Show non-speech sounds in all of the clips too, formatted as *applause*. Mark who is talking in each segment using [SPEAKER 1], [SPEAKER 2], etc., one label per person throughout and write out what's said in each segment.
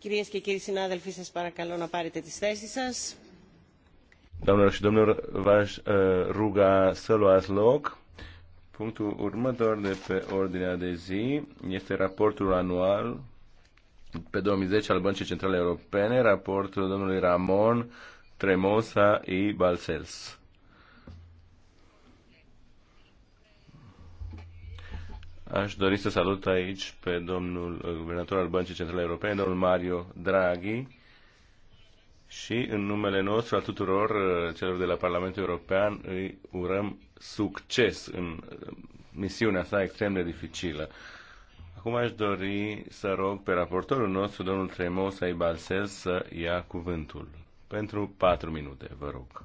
[SPEAKER 1] Κυρίες και κύριοι συνάδελφοι, σας vă να πάρετε τις θέσεις σας.
[SPEAKER 2] Doamnelor și domnilor, v ruga să luați loc. Punctul următor de pe ordinea de zi este raportul anual pe 2010 al Băncii Centrale Europene, raportul domnului Ramon Tremosa i Balcells. Aș dori să salut aici pe domnul guvernator al Băncii Centrale Europene, domnul Mario Draghi, și în numele nostru, a tuturor uh, celor de la Parlamentul European, îi urăm succes în uh, misiunea sa extrem de dificilă. Acum aș dori să rog pe raportorul nostru, domnul Tremosa Ibalsel, să ia cuvântul. Pentru patru minute, vă rog.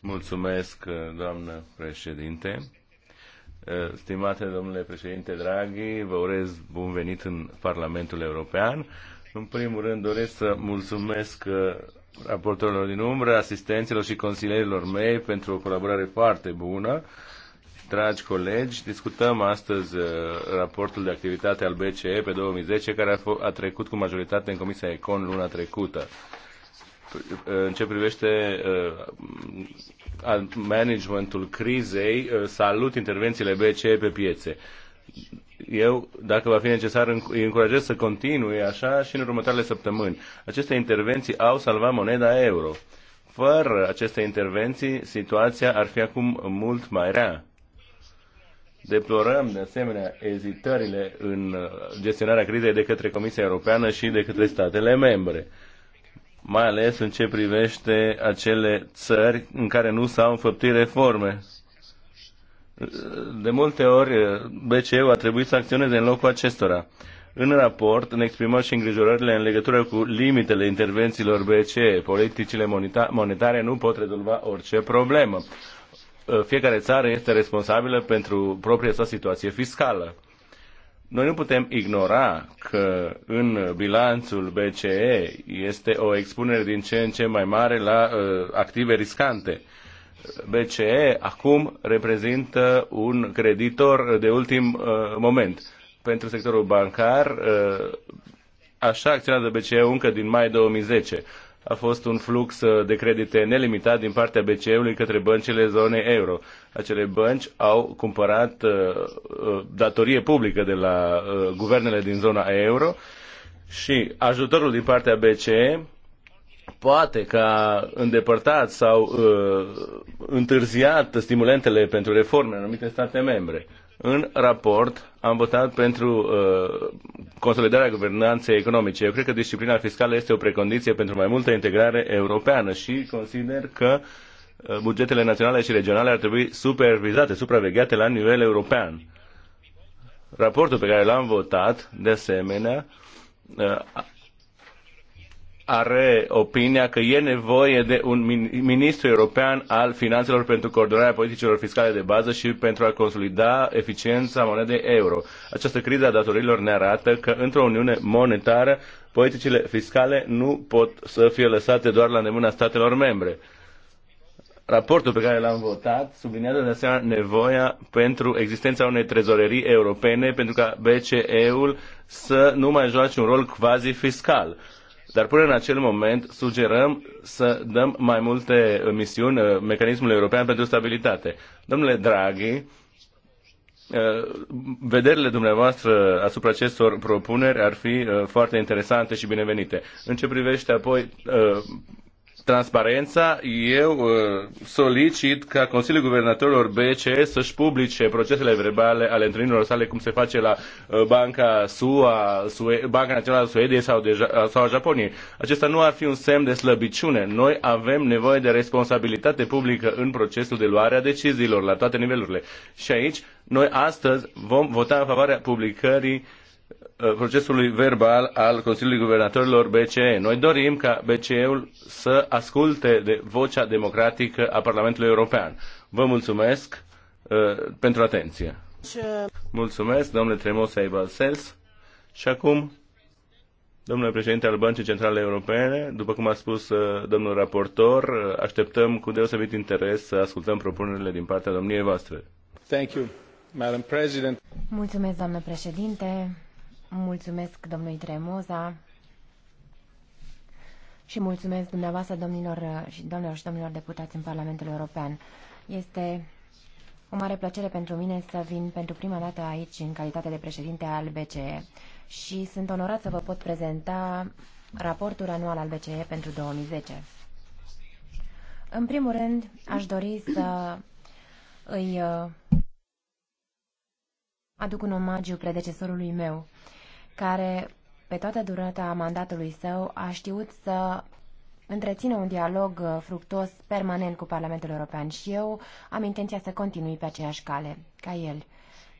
[SPEAKER 2] Mulțumesc, doamnă președinte. Stimate domnule președinte Draghi, vă urez bun venit în Parlamentul European. În primul rând doresc să mulțumesc uh, raportorilor din umbră, asistenților și consilierilor mei pentru o colaborare foarte bună. Dragi colegi, discutăm astăzi uh, raportul de activitate al BCE pe 2010, care a, a trecut cu majoritate în Comisia Econ luna trecută în ce privește uh, managementul crizei, uh, salut intervențiile BCE pe piețe. Eu, dacă va fi necesar, îi încurajez să continue așa și în următoarele săptămâni. Aceste intervenții au salvat moneda euro. Fără aceste intervenții, situația ar fi acum mult mai rea. Deplorăm, de asemenea, ezitările în uh, gestionarea crizei de către Comisia Europeană și de către statele membre mai ales în ce privește acele țări în care nu s-au înfăptit reforme. De multe ori, bce a trebuit să acționeze în locul acestora. În raport ne exprimăm și îngrijorările în legătură cu limitele intervențiilor BCE. Politicile monetare nu pot rezolva orice problemă. Fiecare țară este responsabilă pentru propria sa situație fiscală. Noi nu putem ignora că în bilanțul BCE este o expunere din ce în ce mai mare la uh, active riscante. BCE acum reprezintă un creditor de ultim uh, moment. Pentru sectorul bancar, uh, așa acționează BCE încă din mai 2010 a fost un flux uh, de credite nelimitat din partea BCE-ului către băncile zonei euro. Acele bănci au cumpărat uh, uh, datorie publică de la guvernele din zona euro și ajutorul din partea BCE poate că a îndepărtat sau întârziat stimulentele pentru reforme în anumite state membre. În raport am votat pentru uh, consolidarea guvernanței economice. Eu cred că disciplina fiscală este o precondiție pentru mai multă integrare europeană și consider că uh, bugetele naționale și regionale ar trebui supervizate, supravegheate la nivel european. Raportul pe care l-am votat, de asemenea, uh, are opinia că e nevoie de un ministru european al finanțelor pentru coordonarea politicilor fiscale de bază și pentru a consolida eficiența monedei euro. Această criză a datorilor ne arată că într-o uniune monetară politicile fiscale nu pot să fie lăsate doar la nemâna statelor membre. Raportul pe care l-am votat subliniază de asemenea nevoia pentru existența unei trezorerii europene pentru ca BCE-ul să nu mai joace un rol quasi fiscal dar până în acel moment sugerăm să dăm mai multe uh, misiuni uh, mecanismului european pentru stabilitate. Domnule Draghi, uh, vederile dumneavoastră asupra acestor propuneri ar fi foarte interesante și binevenite. În ce privește apoi transparența, eu uh, solicit ca Consiliul Guvernatorilor BCE să-și publice procesele verbale ale întâlnirilor sale, cum se face la uh, Banca SUA, Sue, Banca Națională a Suediei sau, de, sau a Japoniei. Acesta nu ar fi un semn de slăbiciune. Noi avem nevoie de responsabilitate publică în procesul de luare a deciziilor la toate nivelurile. Și aici, noi astăzi vom vota în favoarea publicării uh, Uh, procesului verbal al Consiliului Guvernatorilor BCE. Noi dorim ca BCE-ul să asculte de vocea democratică a Parlamentului European. Vă mulțumesc uh, pentru atenție. Mulțumesc, domnule Tremosei Balsels. Și acum, domnule președinte al Băncii Centrale Europene, după cum a spus uh, domnul raportor, uh, așteptăm cu deosebit interes să ascultăm propunerile din partea domniei voastre. Thank you,
[SPEAKER 3] Madam President.
[SPEAKER 1] Mulțumesc, doamnă președinte. Mulțumesc domnului Tremoza și mulțumesc dumneavoastră domnilor și domnilor și domnilor deputați în Parlamentul European. Este o mare plăcere pentru mine să vin pentru prima dată aici în calitate de președinte al BCE și sunt onorat să vă pot prezenta raportul anual al BCE pentru 2010. În primul rând, aș dori să îi uh, aduc un omagiu predecesorului meu care pe toată durata mandatului său a știut să întrețină un dialog uh, fructos permanent cu Parlamentul European și eu am intenția să continui pe aceeași cale ca el.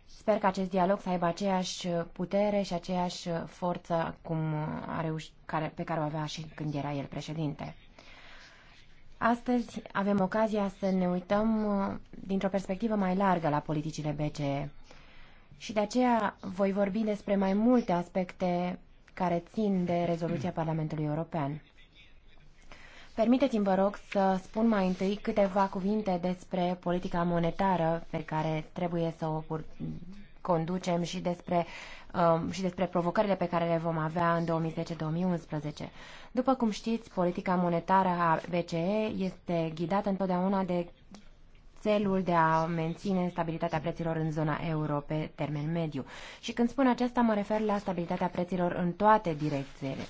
[SPEAKER 1] Sper că acest dialog să aibă aceeași uh, putere și aceeași uh, forță cum a reuș- care, pe care o avea și când era el președinte. Astăzi avem ocazia să ne uităm dintr-o perspectivă mai largă la politicile BCE. Și de aceea voi vorbi despre mai multe aspecte care țin de rezoluția Parlamentului European. Permiteți-mi, vă rog, să spun mai întâi câteva cuvinte despre politica monetară pe care trebuie să o conducem și despre, um, și despre provocările pe care le vom avea în 2010-2011. După cum știți, politica monetară a BCE este ghidată întotdeauna de țelul de a menține stabilitatea preților în zona euro pe termen mediu. Și când spun aceasta, mă refer la stabilitatea preților în toate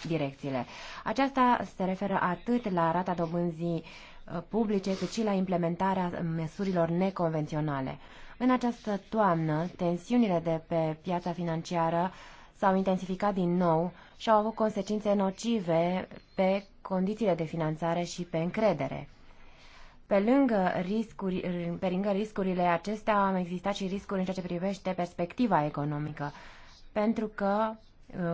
[SPEAKER 1] direcțiile. Aceasta se referă atât la rata dobânzii uh, publice, cât și la implementarea măsurilor neconvenționale. În această toamnă, tensiunile de pe piața financiară s-au intensificat din nou și au avut consecințe nocive pe condițiile de finanțare și pe încredere. Pe lângă, riscuri, pe lângă riscurile acestea, am existat și riscuri în ceea ce privește perspectiva economică, pentru că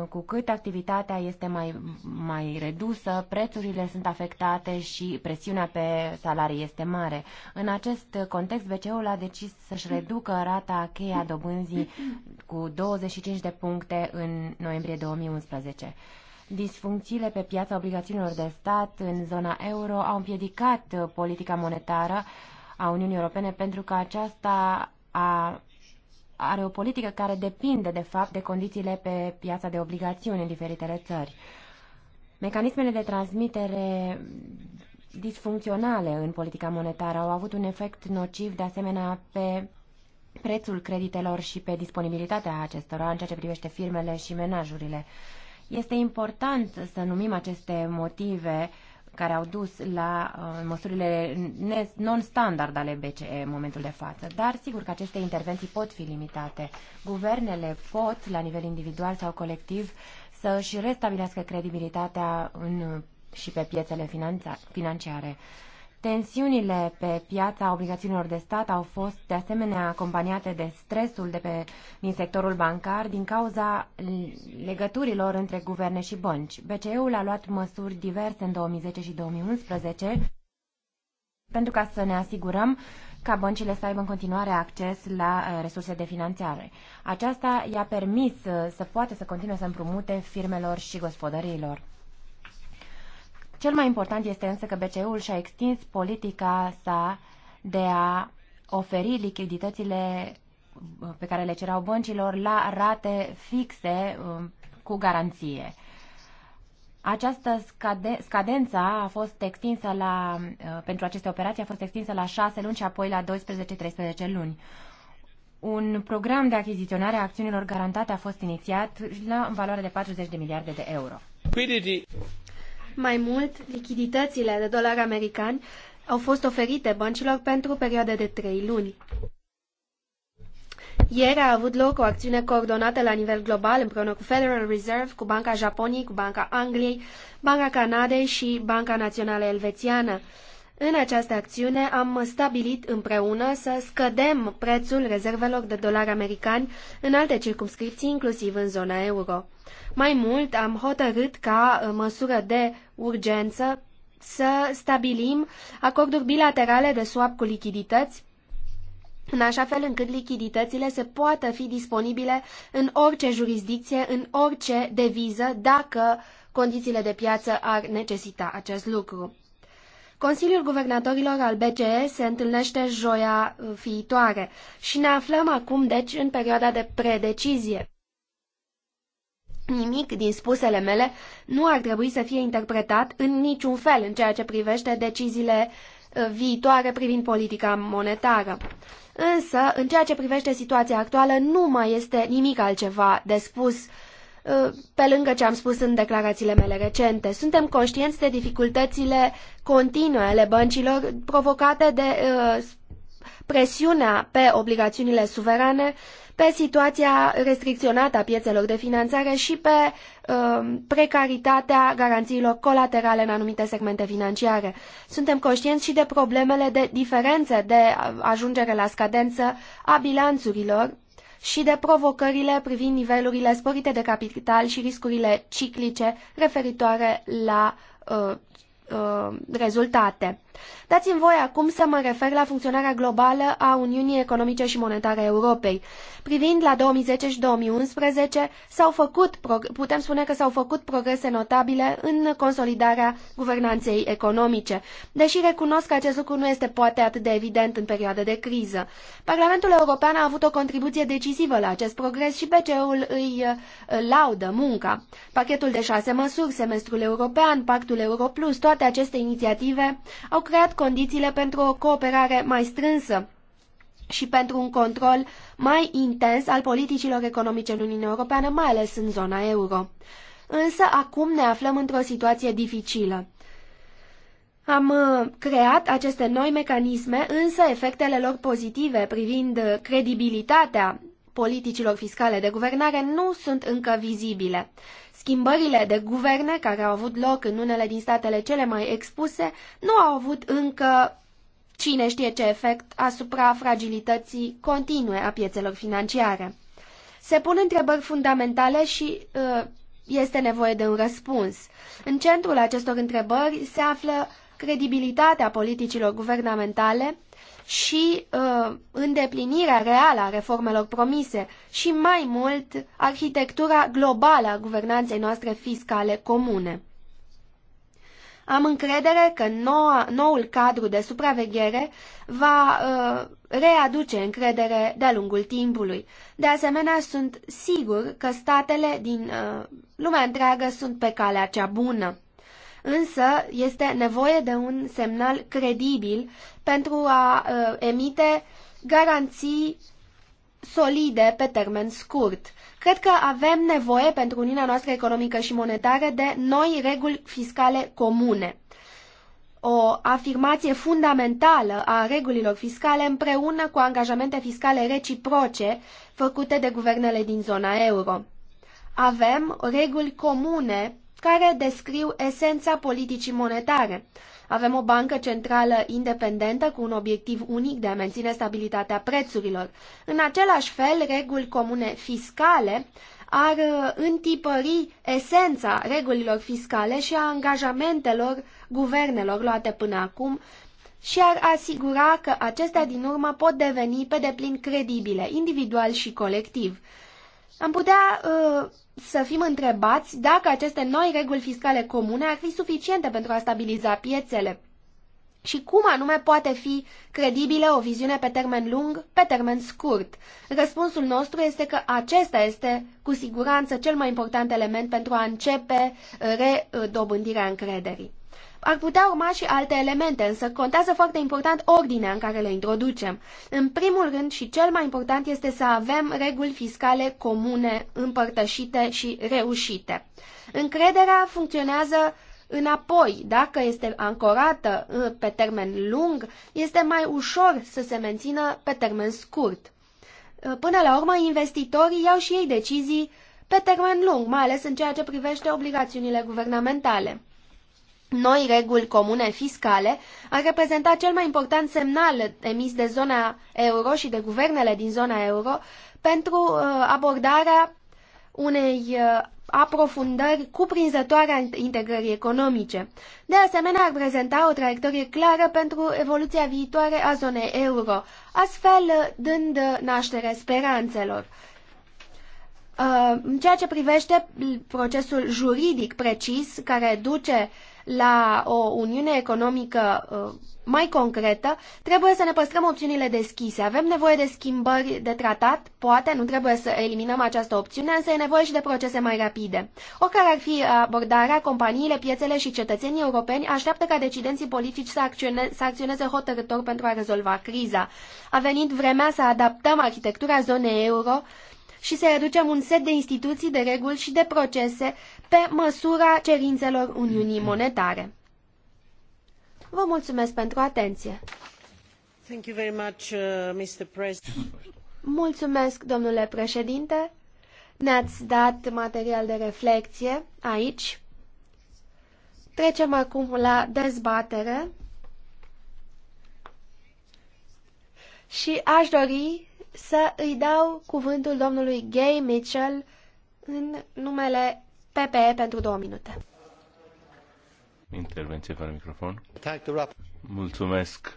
[SPEAKER 1] uh, cu cât activitatea este mai, mai redusă, prețurile sunt afectate și presiunea pe salarii este mare. În acest context, BCE-ul a decis să-și reducă rata cheia dobânzii cu 25 de puncte în noiembrie 2011. Disfuncțiile pe piața obligațiunilor de stat în zona euro au împiedicat uh, politica monetară a Uniunii Europene pentru că aceasta a, are o politică care depinde, de fapt, de condițiile pe piața de obligațiuni în diferitele țări. Mecanismele de transmitere disfuncționale în politica monetară au avut un efect nociv, de asemenea, pe prețul creditelor și pe disponibilitatea acestora în ceea ce privește firmele și menajurile. Este important să numim aceste motive care au dus la uh, măsurile non-standard ale BCE în momentul de față. Dar sigur că aceste intervenții pot fi limitate. Guvernele pot, la nivel individual sau colectiv, să și restabilească credibilitatea în, și pe piețele financiare. Tensiunile pe piața obligațiunilor de stat au fost de asemenea acompaniate de stresul de pe, din sectorul bancar din cauza legăturilor între guverne și bănci. BCE-ul a luat măsuri diverse în 2010 și 2011 pentru ca să ne asigurăm ca băncile să aibă în continuare acces la uh, resurse de finanțare. Aceasta i-a permis uh, să poată să continue să împrumute firmelor și gospodăriilor. Cel mai important este însă că BCE-ul și-a extins politica sa de a oferi lichiditățile uh, pe care le cerau băncilor la rate fixe uh, cu garanție. Această scade- scadența a fost extinsă la, uh, pentru aceste operații a fost extinsă la 6 luni și apoi la 12-13 luni. Un program de achiziționare a acțiunilor garantate a fost inițiat la în valoare de 40 de miliarde de euro.
[SPEAKER 4] Mai mult, lichiditățile de dolari americani au fost oferite băncilor pentru o perioadă de trei luni. Ieri a avut loc o acțiune coordonată la nivel global împreună cu Federal Reserve, cu Banca Japoniei, cu Banca Angliei, Banca Canadei și Banca Națională Elvețiană. În această acțiune am stabilit împreună să scădem prețul rezervelor de dolari americani în alte circumscripții, inclusiv în zona euro. Mai mult, am hotărât ca măsură de urgență să stabilim acorduri bilaterale de swap cu lichidități, în așa fel încât lichiditățile se poată fi disponibile în orice jurisdicție, în orice deviză, dacă condițiile de piață ar necesita acest lucru. Consiliul Guvernatorilor al BCE se întâlnește joia viitoare și ne aflăm acum, deci, în perioada de predecizie. Nimic din spusele mele nu ar trebui să fie interpretat în niciun fel în ceea ce privește deciziile ă, viitoare privind politica monetară. Însă, în ceea ce privește situația actuală, nu mai este nimic altceva de spus ă, pe lângă ce am spus în declarațiile mele recente. Suntem conștienți de dificultățile continue ale băncilor provocate de ă, presiunea pe obligațiunile suverane uh, pe situația restricționată a piețelor de finanțare și pe uh, precaritatea garanțiilor colaterale în anumite segmente financiare. Suntem conștienți și de problemele de diferențe de ajungere la scadență a bilanțurilor și de provocările privind nivelurile sporite de capital și riscurile ciclice referitoare la uh, Uh, rezultate. Dați-mi voi acum să mă refer la funcționarea globală a Uniunii Economice și Monetare a Europei. Privind la 2010 și 2011, s-au făcut, putem spune că s-au făcut progrese notabile în consolidarea guvernanței economice, deși recunosc că acest lucru nu este poate atât de evident în perioada de criză. Parlamentul European a avut o contribuție decisivă la acest progres și BCE-ul îi uh, laudă munca. Pachetul de șase măsuri, semestrul european, pactul Europlus, toate toate aceste inițiative au creat condițiile pentru o cooperare mai strânsă și pentru un control mai intens al politicilor economice în Uniunea Europeană, mai ales în zona euro. Însă acum ne aflăm într-o situație dificilă. Am uh, creat aceste noi mecanisme, însă efectele lor pozitive privind credibilitatea politicilor fiscale de guvernare nu sunt încă vizibile. Schimbările de guverne care au avut loc în unele din statele cele mai expuse nu au avut încă cine știe ce efect asupra fragilității continue a piețelor financiare. Se pun întrebări fundamentale și uh, este nevoie de un răspuns. În centrul acestor întrebări se află credibilitatea politicilor guvernamentale și uh, îndeplinirea reală a reformelor promise și, mai mult, arhitectura globală a guvernanței noastre fiscale comune. Am încredere că noua, noul cadru de supraveghere va uh, readuce încredere de-a lungul timpului. De asemenea, sunt sigur că statele din uh, lumea întreagă sunt pe calea cea bună însă este nevoie de un semnal credibil pentru a uh, emite garanții solide pe termen scurt. Cred că avem nevoie pentru Uniunea noastră economică și monetară de noi reguli fiscale comune. O afirmație fundamentală a regulilor fiscale împreună cu angajamente fiscale reciproce făcute de guvernele din zona euro. Avem reguli comune care descriu esența politicii monetare. Avem o bancă centrală independentă cu un obiectiv unic de a menține stabilitatea prețurilor. În același fel, reguli comune fiscale ar uh, întipări esența regulilor fiscale și a angajamentelor guvernelor luate până acum și ar asigura că acestea din urmă pot deveni pe deplin credibile, individual și colectiv. Am putea uh, să fim întrebați dacă aceste noi reguli fiscale comune ar fi suficiente pentru a stabiliza piețele și cum anume poate fi credibilă o viziune pe termen lung, pe termen scurt. Răspunsul nostru este că acesta este cu siguranță cel mai important element pentru a începe uh, redobândirea încrederii. Ar putea urma și alte elemente, însă contează foarte important ordinea în care le introducem. În primul rând și cel mai important este să avem reguli fiscale comune, împărtășite și reușite. Încrederea funcționează Înapoi, dacă este ancorată uh, pe termen lung, este mai ușor să se mențină pe termen scurt. Uh, până la urmă, investitorii iau și ei decizii pe termen lung, mai ales în ceea ce privește obligațiunile guvernamentale noi reguli comune fiscale ar reprezenta cel mai important semnal emis de zona euro și de guvernele din zona euro pentru uh, abordarea unei uh, aprofundări cuprinzătoare a integrării economice. De asemenea, ar prezenta o traiectorie clară pentru evoluția viitoare a zonei euro, astfel dând naștere speranțelor. Uh, în ceea ce privește procesul juridic precis care duce la o uniune economică uh, mai concretă, trebuie să ne păstrăm opțiunile deschise. Avem nevoie de schimbări de tratat, poate, nu trebuie să eliminăm această opțiune, însă e nevoie și de procese mai rapide. Oricare ar fi abordarea, companiile, piețele și cetățenii europeni așteaptă ca decidenții politici să, acționeze, să acționeze hotărător pentru a rezolva criza. A venit vremea să adaptăm arhitectura zonei euro și să reducem un set de instituții, de reguli și de procese pe măsura cerințelor Uniunii Monetare. Vă mulțumesc pentru atenție. Thank you very much, uh, Mr. Mulțumesc, domnule președinte. Ne-ați dat material de reflexie aici. Trecem acum la dezbatere. Și aș dori să îi dau cuvântul domnului Gay Mitchell în numele PPE pentru două minute.
[SPEAKER 2] Intervenție fără microfon. Mulțumesc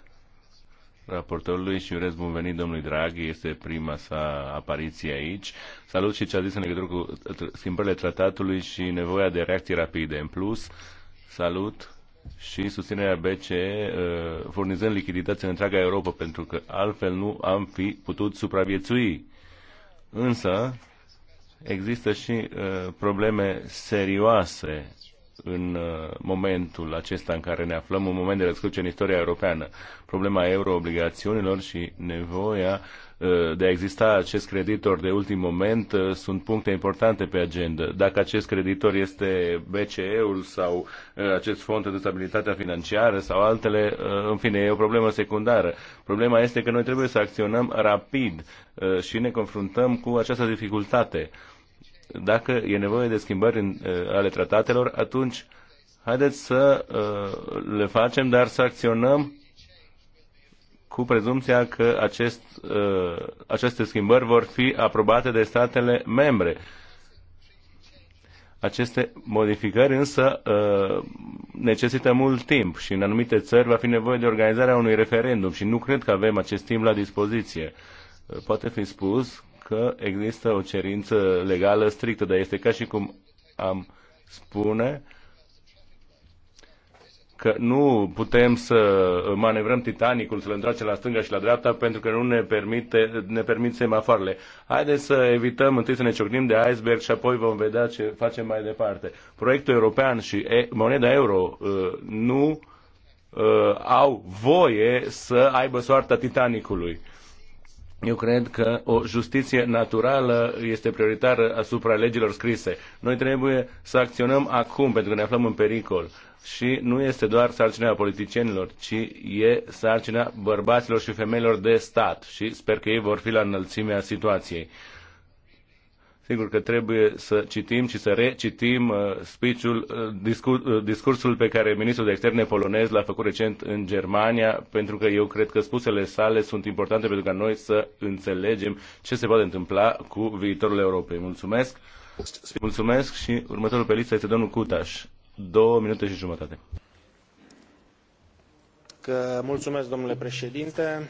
[SPEAKER 2] raportorului și urez bun venit domnului Draghi. Este prima sa apariție aici. Salut și ce a zis în legătură cu schimbările tratatului și nevoia de reacții rapide. În plus, salut și susținerea BCE uh, furnizând lichidități în întreaga Europa, pentru că altfel nu am fi putut supraviețui. Însă, există și uh, probleme serioase în uh, momentul acesta în care ne aflăm, un moment de răscruce în istoria europeană. Problema euroobligațiunilor și nevoia Eh, de a exista acest creditor de ultim moment eh, sunt puncte importante pe agenda. Dacă acest creditor este BCE-ul sau eh, acest fond de stabilitate financiară sau altele, în fine, e o problemă secundară. Problema este că noi trebuie să acționăm rapid și ne confruntăm cu această dificultate. Dacă e nevoie de schimbări în, ale tratatelor, atunci haideți să le facem, dar să acționăm cu prezumția că acest, uh, aceste schimbări vor fi aprobate de statele membre. Aceste modificări însă uh, necesită mult timp și în anumite țări va fi nevoie de organizarea unui referendum și nu cred că avem acest timp la dispoziție. Uh, poate fi spus că există o cerință legală strictă, dar este ca și cum am spune uh, că nu putem să manevrăm Titanicul, să-l întoarcem la stânga și la dreapta, pentru că nu ne, permite, ne permit semafoarele. Haideți să evităm întâi să ne ciocnim de iceberg și apoi vom vedea ce facem mai departe. Proiectul european și e, moneda euro uh, nu uh, au voie să aibă soarta Titanicului. Eu cred că o justiție naturală este prioritară asupra legilor scrise. Noi trebuie să acționăm acum, pentru că ne aflăm în pericol. Și nu este doar sarcina politicienilor, ci e sarcina bărbaților și femeilor de stat. Și sper că ei vor fi la înălțimea situației. Sigur că trebuie să citim și să recitim uh, speech-ul, uh, uh, discursul pe care ministrul de externe polonez l-a făcut recent în Germania, pentru că eu cred că spusele sale sunt importante pentru ca noi să înțelegem ce se poate întâmpla cu viitorul Europei. Mulțumesc! Mulțumesc și următorul pe listă este domnul Cutaș. Două minute și jumătate.
[SPEAKER 3] Că mulțumesc, domnule președinte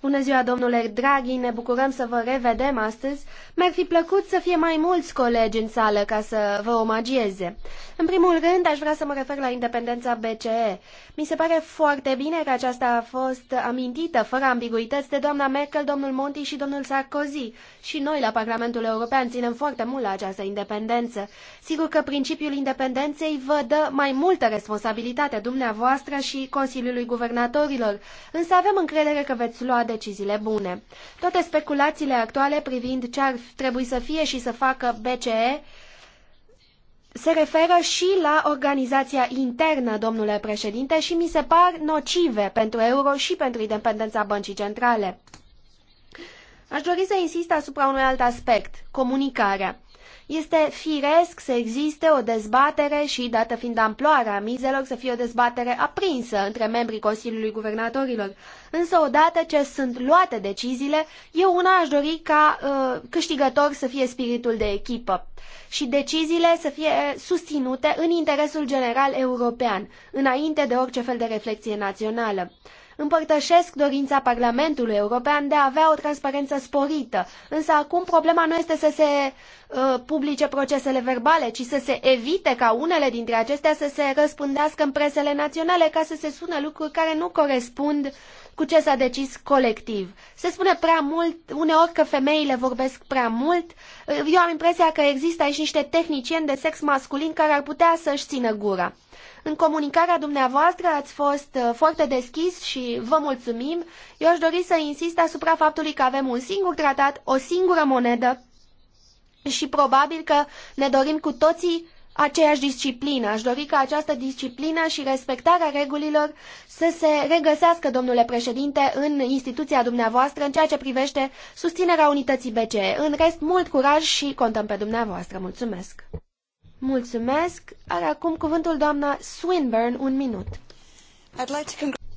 [SPEAKER 4] Bună ziua, domnule Draghi, ne bucurăm să vă revedem astăzi. Mi-ar fi plăcut să fie mai mulți colegi în sală ca să vă omagieze. În primul rând, aș vrea să mă refer la independența BCE. Mi se pare foarte bine că aceasta a fost amintită, fără ambiguități, de doamna Merkel, domnul Monti și domnul Sarkozy. Și noi, la Parlamentul European, ținem foarte mult la această independență. Sigur că principiul independenței vă dă mai multă responsabilitate dumneavoastră și Consiliului Guvernatorilor, însă avem încredere că veți lua deciziile bune. Toate speculațiile actuale privind ce ar trebui să fie și să facă BCE se referă și la organizația internă, domnule președinte, și mi se par nocive pentru euro și pentru independența băncii centrale. Aș dori să insist asupra unui alt aspect, comunicarea. Este firesc să existe o dezbatere și, dată fiind amploarea mizelor, să fie o dezbatere aprinsă între membrii Consiliului Guvernatorilor. Însă, odată ce sunt luate deciziile, eu una aș dori ca uh, câștigător să fie spiritul de echipă și deciziile să fie susținute în interesul general european, înainte de orice fel de reflexie națională. Împărtășesc dorința Parlamentului European de a avea o transparență sporită, însă acum problema nu este să se uh, publice procesele verbale, ci să se evite ca unele dintre acestea să se răspândească în presele naționale ca să se sună lucruri care nu corespund cu ce s-a decis colectiv. Se spune prea mult, uneori că femeile vorbesc prea mult. Eu am impresia că există aici niște tehnicieni de sex masculin care ar putea să-și țină gura. În comunicarea dumneavoastră ați fost uh, foarte deschis și vă mulțumim. Eu aș dori să insist asupra faptului că avem un singur tratat, o singură monedă și probabil că ne dorim cu toții aceeași disciplină. Aș dori ca această disciplină și respectarea regulilor să se regăsească, domnule președinte, în instituția dumneavoastră în ceea ce privește susținerea unității BCE. În rest, mult curaj și contăm pe dumneavoastră. Mulțumesc! Mulțumesc! Are acum cuvântul doamna Swinburne, un minut.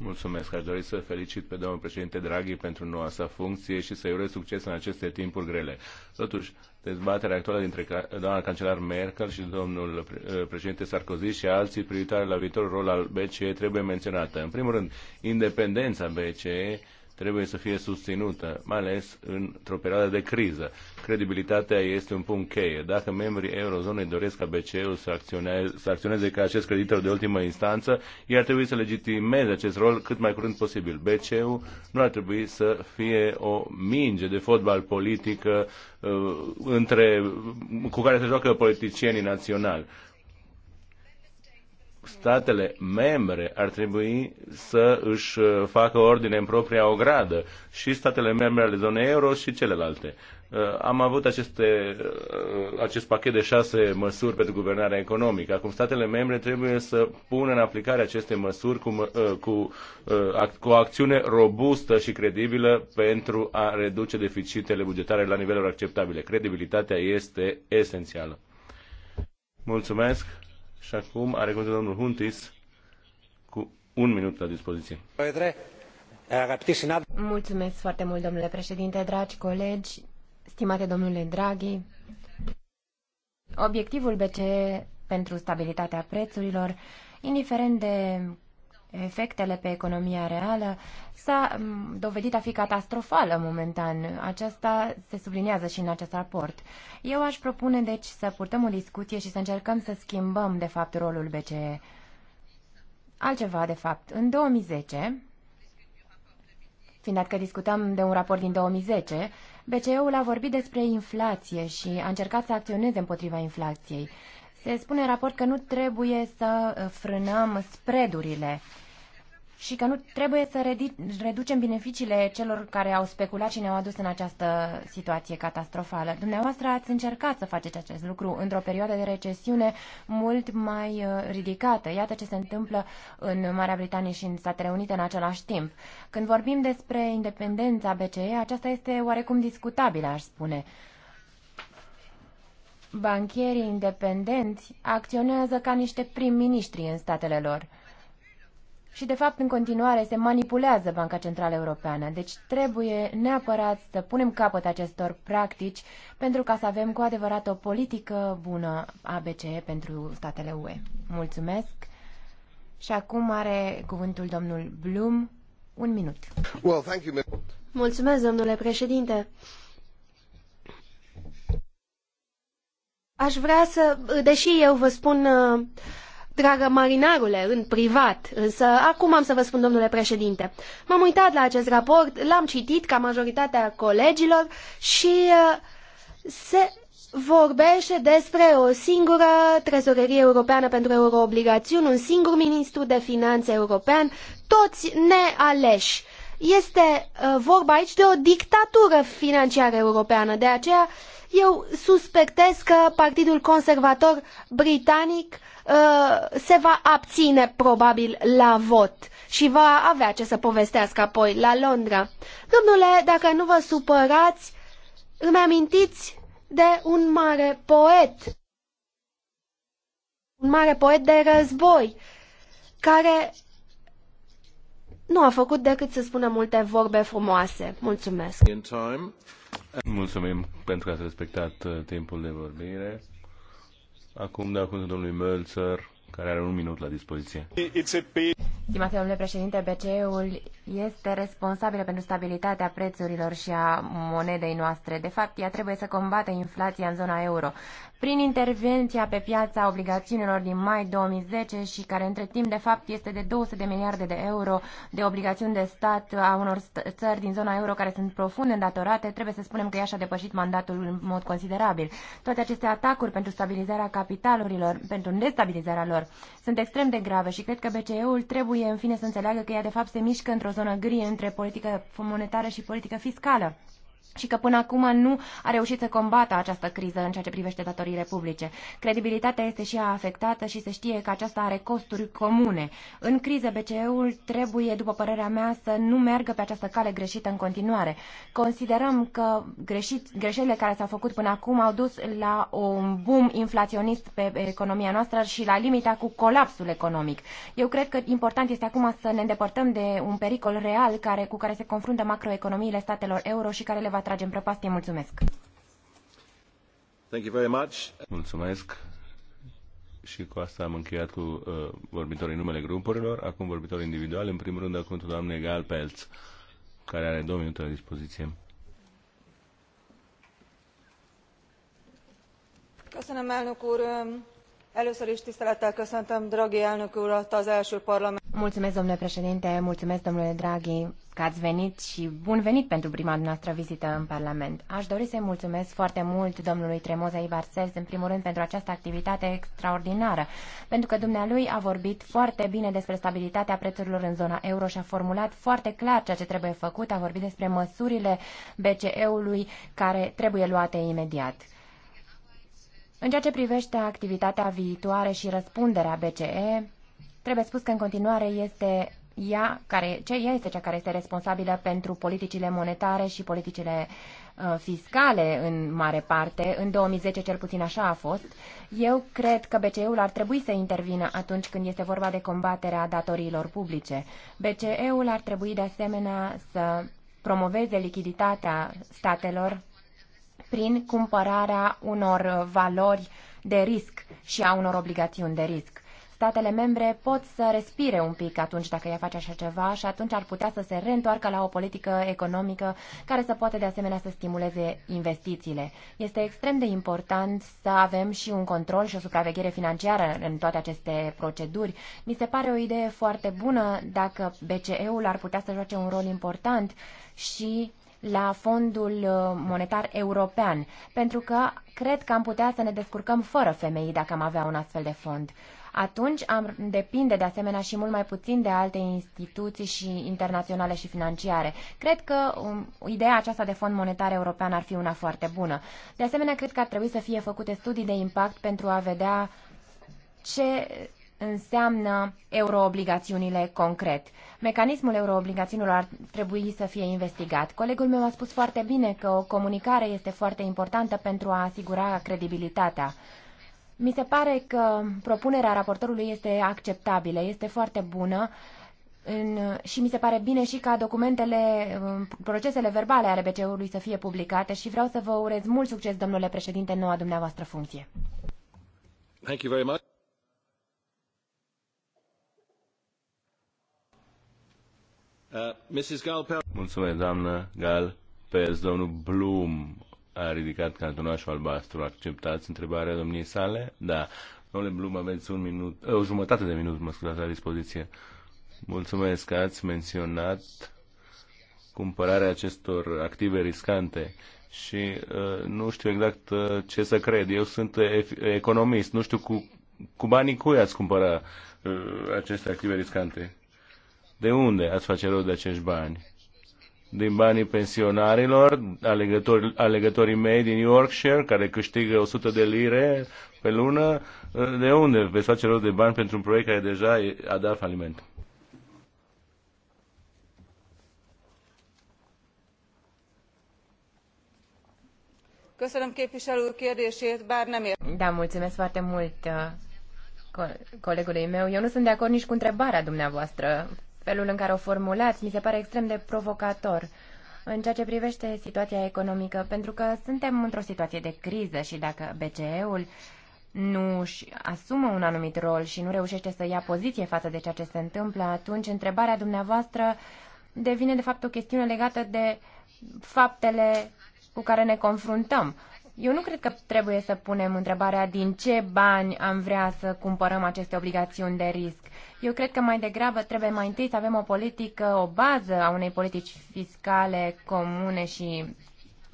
[SPEAKER 2] Mulțumesc. Aș dori să felicit pe domnul președinte Draghi pentru noua sa funcție și să-i urez succes în aceste timpuri grele. Totuși, dezbaterea actuală dintre doamna cancelar Merkel și domnul eh, președinte Sarkozy și alții privitoare la viitorul rol al BCE trebuie menționată. În primul rând, independența BCE trebuie să fie susținută, mai ales într-o perioadă de criză. Credibilitatea este un punct cheie. Dacă membrii eurozonei doresc ca BCE-ul să acționeze, să acționeze ca acest creditor de ultimă instanță, ei ar trebui să legitimeze acest rol cât mai curând posibil. BCE-ul nu ar trebui să fie o minge de fotbal politică uh, între, cu care se joacă politicienii naționali statele membre ar trebui să își uh, facă ordine în propria ogradă și statele membre ale zonei euro și celelalte. Uh, am avut aceste, uh, acest pachet de șase măsuri pentru guvernarea economică. Acum statele membre trebuie să pună în aplicare aceste măsuri cu, cu, cu o acțiune robustă și credibilă pentru a reduce deficitele bugetare la niveluri acceptabile. Credibilitatea este esențială. Mulțumesc! Și acum are cuvântul domnul Huntis cu un minut la dispoziție.
[SPEAKER 1] Mulțumesc foarte mult, domnule președinte, dragi colegi, stimate domnule Draghi. Obiectivul BCE pentru stabilitatea prețurilor, indiferent de efectele pe economia reală s-a dovedit a fi catastrofală momentan. Aceasta se subliniază și în acest raport. Eu aș propune, deci, să purtăm o discuție și să încercăm să schimbăm, de fapt, rolul BCE. Altceva, de fapt. În 2010, fiind că discutăm de un raport din 2010, BCE-ul a vorbit despre inflație și a încercat să acționeze împotriva inflației. Se spune în raport că nu trebuie să uh, frânăm spreadurile și că nu trebuie să reducem beneficiile celor care au speculat și ne-au adus în această situație catastrofală. Dumneavoastră ați încercat să faceți acest lucru într-o perioadă de recesiune mult mai uh, ridicată. Iată ce se întâmplă în Marea Britanie și în Statele Unite în același timp. Când vorbim despre independența BCE, aceasta este oarecum discutabilă, aș spune banchierii independenți acționează ca niște prim-ministri în statele lor și, de fapt, în continuare se manipulează Banca Centrală Europeană. Deci trebuie neapărat să punem capăt acestor practici pentru ca să avem cu adevărat o politică bună a BCE pentru statele UE. Mulțumesc! Și acum are cuvântul
[SPEAKER 4] domnul Blum. Un minut. Well, thank you, Mulțumesc, domnule președinte. Aș vrea să, deși eu vă spun uh, dragă marinarule, în privat. Însă acum am să vă spun, domnule președinte, m-am uitat la acest raport, l-am citit ca majoritatea colegilor și uh, se vorbește despre o singură trezorerie europeană pentru euroobligațiuni, un singur ministru de finanțe european, toți nealeși. Este uh, vorba aici de o dictatură financiară europeană, de aceea eu suspectez că Partidul Conservator Britanic uh, Uh, se va abține probabil la vot și va avea ce să povestească apoi la Londra. Domnule, dacă nu vă supărați, îmi amintiți de un mare poet, un mare poet de război, care nu a făcut decât să spună multe vorbe frumoase. Mulțumesc!
[SPEAKER 2] Mulțumim pentru că ați respectat uh, timpul de vorbire. Acum de acum domnului Mölzer, care are un minut la dispoziție.
[SPEAKER 1] Stimate domnule președinte, BCE-ul este responsabilă pentru stabilitatea prețurilor și a monedei noastre. De fapt, ea trebuie să combată inflația în zona euro. Prin intervenția pe piața obligațiunilor din mai 2010 și care între timp de fapt este de 200 de miliarde de euro de obligațiuni de stat a unor țări din zona euro care sunt profund îndatorate, trebuie să spunem că ea și-a depășit mandatul în mod considerabil. Toate aceste atacuri pentru stabilizarea capitalurilor, pentru destabilizarea lor, sunt extrem de grave și cred că BCE-ul trebuie trebuie, în fine, să înțeleagă că ea, de fapt, se mișcă într-o zonă gri între politică monetară și politică fiscală și că până acum nu a reușit să combată această criză în ceea ce privește datoriile publice. Credibilitatea este și ea afectată și se știe că aceasta are costuri comune. În criză, BCE-ul trebuie, după părerea mea, să nu meargă pe această cale greșită în continuare. Considerăm că greșit, greșelile care s-au făcut până acum au dus la un boom inflaționist pe economia noastră și la limita cu colapsul economic. Eu cred că important este acum să ne îndepărtăm de un pericol real care, cu care se confruntă macroeconomiile statelor euro și care le va va în prăpastie. Mulțumesc!
[SPEAKER 2] Thank you very much. Mulțumesc! Și cu asta am încheiat cu uh, vorbitorii numele grupurilor, acum vorbitorii individuali. În primul rând, acum doamnei Gal Pelț, care are două minute la dispoziție.
[SPEAKER 3] Köszönöm, elnök úr! először is tisztelettel köszöntöm draghi elnök urat az első parlament.
[SPEAKER 1] Mulțumesc, domnule președinte, mulțumesc, domnule Draghi, că ați venit și bun venit pentru prima noastră vizită în Parlament. Aș dori să-i mulțumesc foarte mult domnului Tremoza Ibarses, în primul rând, pentru această activitate extraordinară, pentru că dumnealui a vorbit foarte bine despre stabilitatea prețurilor în zona euro și a formulat foarte clar ceea ce trebuie făcut, a vorbit despre măsurile BCE-ului care trebuie luate imediat. În ceea ce privește activitatea viitoare și răspunderea BCE, trebuie spus că în continuare este ea, care, ce ea este cea care este responsabilă pentru politicile monetare și politicile uh, fiscale în mare parte. În 2010 cel puțin așa a fost. Eu cred că BCE-ul ar trebui să intervină atunci când este vorba de combaterea datoriilor publice. BCE-ul ar trebui de asemenea să promoveze lichiditatea statelor prin cumpărarea unor valori de risc și a unor obligațiuni de risc. Statele membre pot să respire un pic atunci dacă ea face așa ceva și atunci ar putea să se reîntoarcă la o politică economică care să poată de asemenea să stimuleze investițiile. Este extrem de important să avem și un control și o supraveghere financiară în toate aceste proceduri. Mi se pare o idee foarte bună dacă BCE-ul ar putea să joace un rol important și la Fondul uh, Monetar European, pentru că cred că am putea să ne descurcăm fără femei dacă am avea un astfel de fond. Atunci am depinde de asemenea și mult mai puțin de alte instituții și internaționale și financiare. Cred că um, ideea aceasta de fond monetar european ar fi una foarte bună. De asemenea, cred că ar trebui să fie făcute studii de impact pentru a vedea ce înseamnă euroobligațiunile concret. Mecanismul euroobligațiunilor ar trebui să fie investigat. Colegul meu a spus foarte bine că o comunicare este foarte importantă pentru a asigura credibilitatea. Mi se pare că propunerea raportorului este acceptabilă, este foarte bună în, și mi se pare bine și ca documentele, procesele verbale ale BCU-ului să fie publicate și vreau să vă urez mult succes, domnule președinte, în noua dumneavoastră funcție.
[SPEAKER 3] Thank you very much.
[SPEAKER 2] Uh, Mulțumesc, doamnă Gal. Pe domnul Bloom a ridicat cantonașul albastru. Acceptați întrebarea domniei sale? Da. Domnule Bloom, aveți un minut, uh, o jumătate de minut, mă scuzați, la dispoziție. Mulțumesc că ați menționat cumpărarea acestor active riscante și uh, nu știu exact uh, ce să cred. Eu sunt economist, nu știu cu, cu banii cui ați cumpăra uh, aceste active riscante. De unde ați face rost de acești bani? Din banii pensionarilor, alegători, alegătorii mei din Yorkshire, care câștigă 100 de lire pe lună, de unde veți face rost de bani pentru un proiect care deja a dat faliment?
[SPEAKER 1] Da, mulțumesc foarte mult uh, co colegului meu. Eu nu sunt de acord nici cu întrebarea dumneavoastră felul în care o formulați mi se pare extrem de provocator în ceea ce privește situația economică, pentru că suntem într-o situație de criză și dacă BCE-ul nu își asumă un anumit rol și nu reușește să ia poziție față de ceea ce se întâmplă, atunci întrebarea dumneavoastră devine de fapt o chestiune legată de faptele cu care ne confruntăm. Eu nu cred că trebuie să punem întrebarea din ce bani am vrea să cumpărăm aceste obligațiuni de risc. Eu cred că mai degrabă trebuie mai întâi să avem o politică, o bază a unei politici fiscale comune și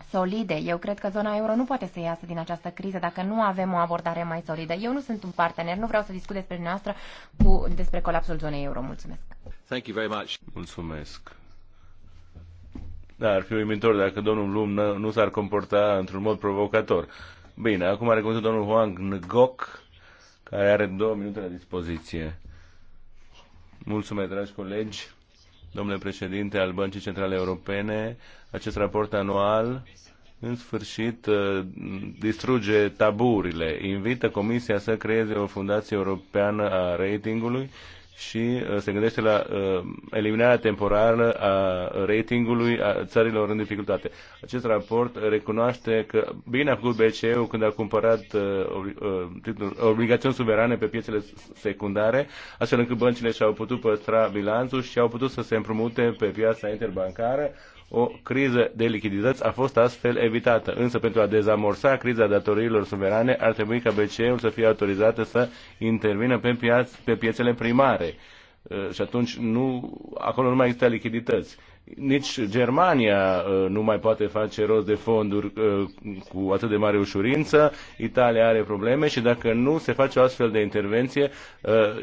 [SPEAKER 1] solide. Eu cred că zona euro nu poate să iasă din această criză dacă nu avem o abordare mai solidă. Eu nu sunt un partener, nu vreau să discut despre noastră cu, despre colapsul zonei euro. Mulțumesc.
[SPEAKER 2] Thank you very much. Mulțumesc. Da, ar fi uimitor dacă domnul Blum nu, nu s-ar comporta într-un mod provocator. Bine, acum are cuvântul domnul Huang Ngoc, care are două minute la dispoziție. Mulțumesc, dragi colegi, domnule președinte al Băncii Centrale Europene. Acest raport anual, în sfârșit, uh, distruge taburile. Invită Comisia să creeze o fundație europeană a ratingului și uh, se gândește la uh, eliminarea temporară a ratingului a țărilor în dificultate. Acest raport recunoaște că bine a făcut BCE-ul când a cumpărat uh, obligațiuni suverane pe piețele secundare, astfel încât băncile și-au putut păstra bilanțul și au putut să se împrumute pe piața interbancară o criză de lichidități a fost astfel evitată, însă pentru a dezamorsa criza datoriilor suverane ar trebui ca BCE-ul să fie autorizată să intervină pe, piaț- pe piețele primare uh, și atunci nu, acolo nu mai există lichidități. Nici Germania uh, nu mai poate face rost de fonduri uh, cu atât de mare ușurință, Italia are probleme și dacă nu se face o astfel de intervenție,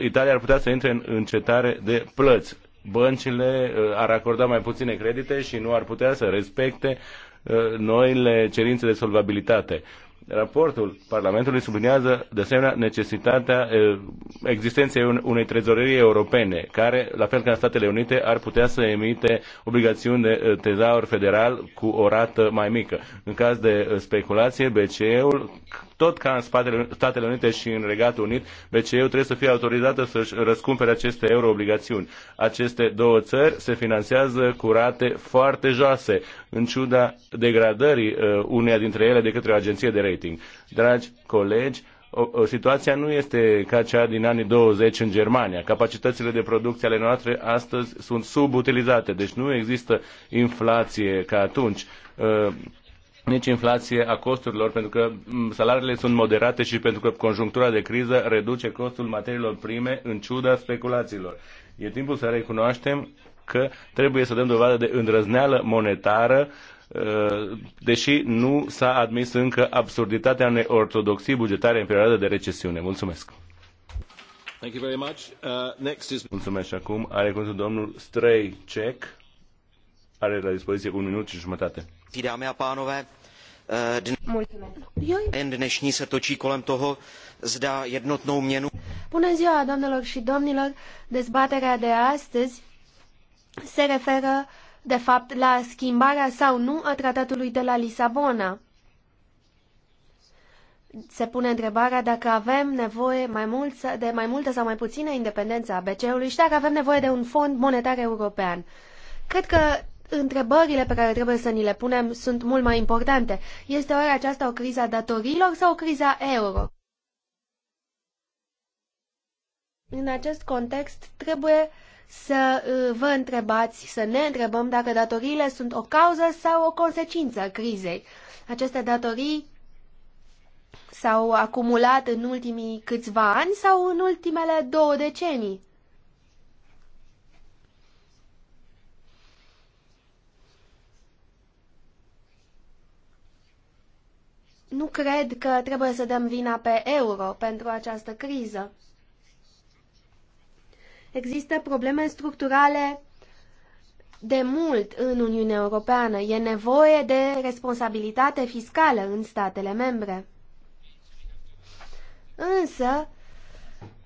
[SPEAKER 2] Italia ar putea să intre în încetare de plăți băncile uh, ar acorda mai puține credite și nu ar putea să respecte uh, noile cerințe de solvabilitate. Raportul Parlamentului subliniază de asemenea necesitatea existenței unei trezorerii europene, care, la fel ca în Statele Unite, ar putea să emite obligațiuni de tezaur federal cu o rată mai mică. În caz de speculație, BCE-ul, tot ca în Statele Unite și în Regatul Unit, BCE-ul trebuie să fie autorizată să-și răscumpere aceste euroobligațiuni. Aceste două țări se finanțează cu rate foarte joase, în ciuda degradării uneia dintre ele de către o agenție de rei rating. Dragi colegi, o, o, situația nu este ca cea din anii 20 în Germania. Capacitățile de producție ale noastre astăzi sunt subutilizate, deci nu există inflație ca atunci. Uh, nici inflație a costurilor, pentru că mm, salariile sunt moderate și pentru că conjunctura de criză reduce costul materiilor prime în ciuda speculațiilor. E timpul să recunoaștem că trebuie să dăm dovadă de îndrăzneală monetară uh, Eh, deși nu s-a admis încă absurditatea unei ortodoxii bugetare în perioada de recesiune. Mulțumesc! Thank you very much. Uh, next is... Mulțumesc și acum are cuvântul domnul
[SPEAKER 3] Stray Strejcek.
[SPEAKER 2] Are la dispoziție un minut și
[SPEAKER 3] jumătate. Dámy a pánové,
[SPEAKER 4] Jen
[SPEAKER 3] eh, dnešní se točí kolem toho, zda jednotnou měnu.
[SPEAKER 4] Bună ziua, doamnelor și domnilor! Dezbaterea de astăzi se referă de fapt, la schimbarea sau nu a tratatului de la Lisabona. Se pune întrebarea dacă avem nevoie mai mult, de mai multă sau mai puțină independență a BCE-ului și dacă avem nevoie de un fond monetar european. Cred că întrebările pe care trebuie să ni le punem sunt mult mai importante. Este oare aceasta o criza datorilor sau o criza euro? În acest context, trebuie uh, să uh, vă întrebați, să ne întrebăm dacă datoriile sunt o cauză sau o consecință a crizei. Aceste datorii s-au acumulat în ultimii câțiva ani sau în ultimele două decenii. Nu cred că trebuie să dăm vina pe euro pentru această criză. Există probleme structurale de mult în Uniunea Europeană. E nevoie de responsabilitate fiscală în statele membre. Însă,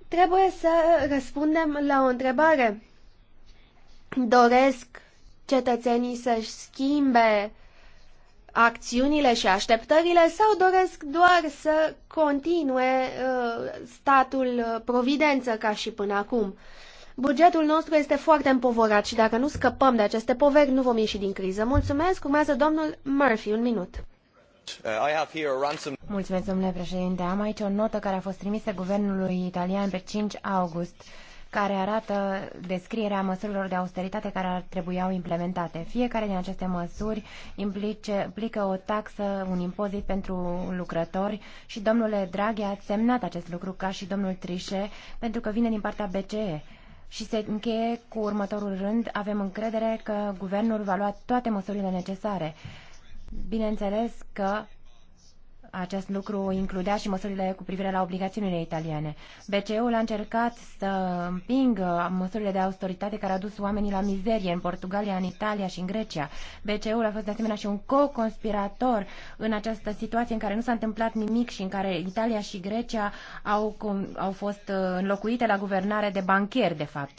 [SPEAKER 4] trebuie să răspundem la o întrebare. Doresc cetățenii să-și schimbe acțiunile și așteptările sau doresc doar să continue uh, statul uh, providență ca și până acum? Bugetul nostru este foarte împovorat și dacă nu scăpăm de aceste poveri, nu vom ieși din criză. Mulțumesc. Urmează domnul Murphy. Un minut.
[SPEAKER 1] Uh, Mulțumesc, domnule președinte. Am aici o notă care a fost trimisă guvernului italian pe 5 august care arată descrierea măsurilor de austeritate care ar trebuiau implementate. Fiecare din aceste măsuri implice, implică o taxă, un impozit pentru lucrători și domnule Draghi a semnat acest lucru ca și domnul Trișe pentru că vine din partea BCE și se încheie cu următorul rând. Avem încredere că guvernul va lua toate măsurile necesare. Bineînțeles că acest lucru includea și măsurile cu privire la obligațiunile italiene. BCE-ul a încercat să împingă măsurile de austeritate care a dus oamenii la mizerie în Portugalia, în Italia și în Grecia. BCE-ul a fost de asemenea și un co-conspirator în această situație în care nu s-a întâmplat nimic și în care Italia și Grecia au, au fost uh, înlocuite la guvernare de bancheri, de fapt.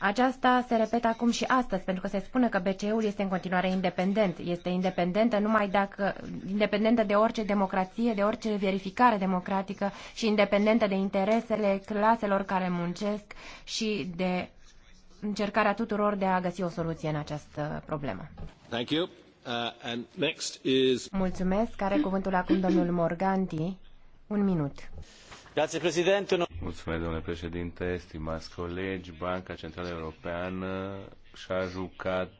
[SPEAKER 1] Aceasta se repetă acum și astăzi, pentru că se spune că BCE-ul este în continuare independent. Este independentă numai dacă, independentă de orice democrație, de orice verificare democratică și independentă de interesele claselor care muncesc și de încercarea tuturor de a găsi o soluție în această problemă.
[SPEAKER 3] Thank you. Uh, and next is...
[SPEAKER 1] Mulțumesc. Are cuvântul acum domnul Morganti. Un minut.
[SPEAKER 2] Mulțumesc, domnule președinte, stimați colegi. Banca Centrală Europeană și-a jucat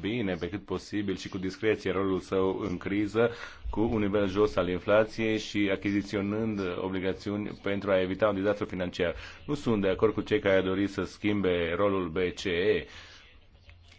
[SPEAKER 2] bine, pe cât posibil și cu discreție rolul său în criză, cu un nivel jos al inflației și achiziționând obligațiuni pentru a evita un dezastru financiar. Nu sunt de acord cu cei care au dorit să schimbe rolul BCE.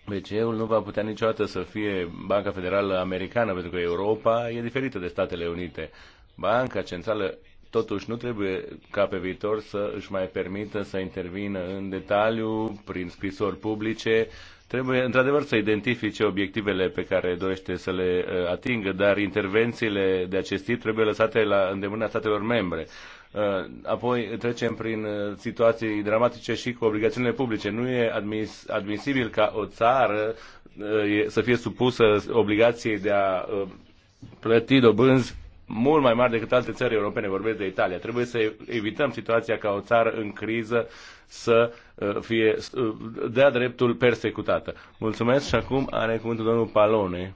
[SPEAKER 2] BCE-ul nu va putea niciodată să fie Banca Federală Americană, pentru că Europa e diferită de Statele Unite. Banca Centrală totuși nu trebuie ca pe viitor să își mai permită să intervină în detaliu prin scrisori publice. Trebuie într-adevăr să identifice obiectivele pe care dorește să le uh, atingă, dar intervențiile de acest tip trebuie lăsate la îndemâna statelor membre. Uh, apoi trecem prin uh, situații dramatice și cu obligațiunile publice. Nu e admis, admisibil ca o țară să fie supusă obligației de a plăti dobânzi mult mai mari decât alte țări europene, vorbesc de Italia. Trebuie să evităm situația ca o țară în criză să uh, fie, uh, dea dreptul persecutată. Mulțumesc și acum are cuvântul domnul Palone.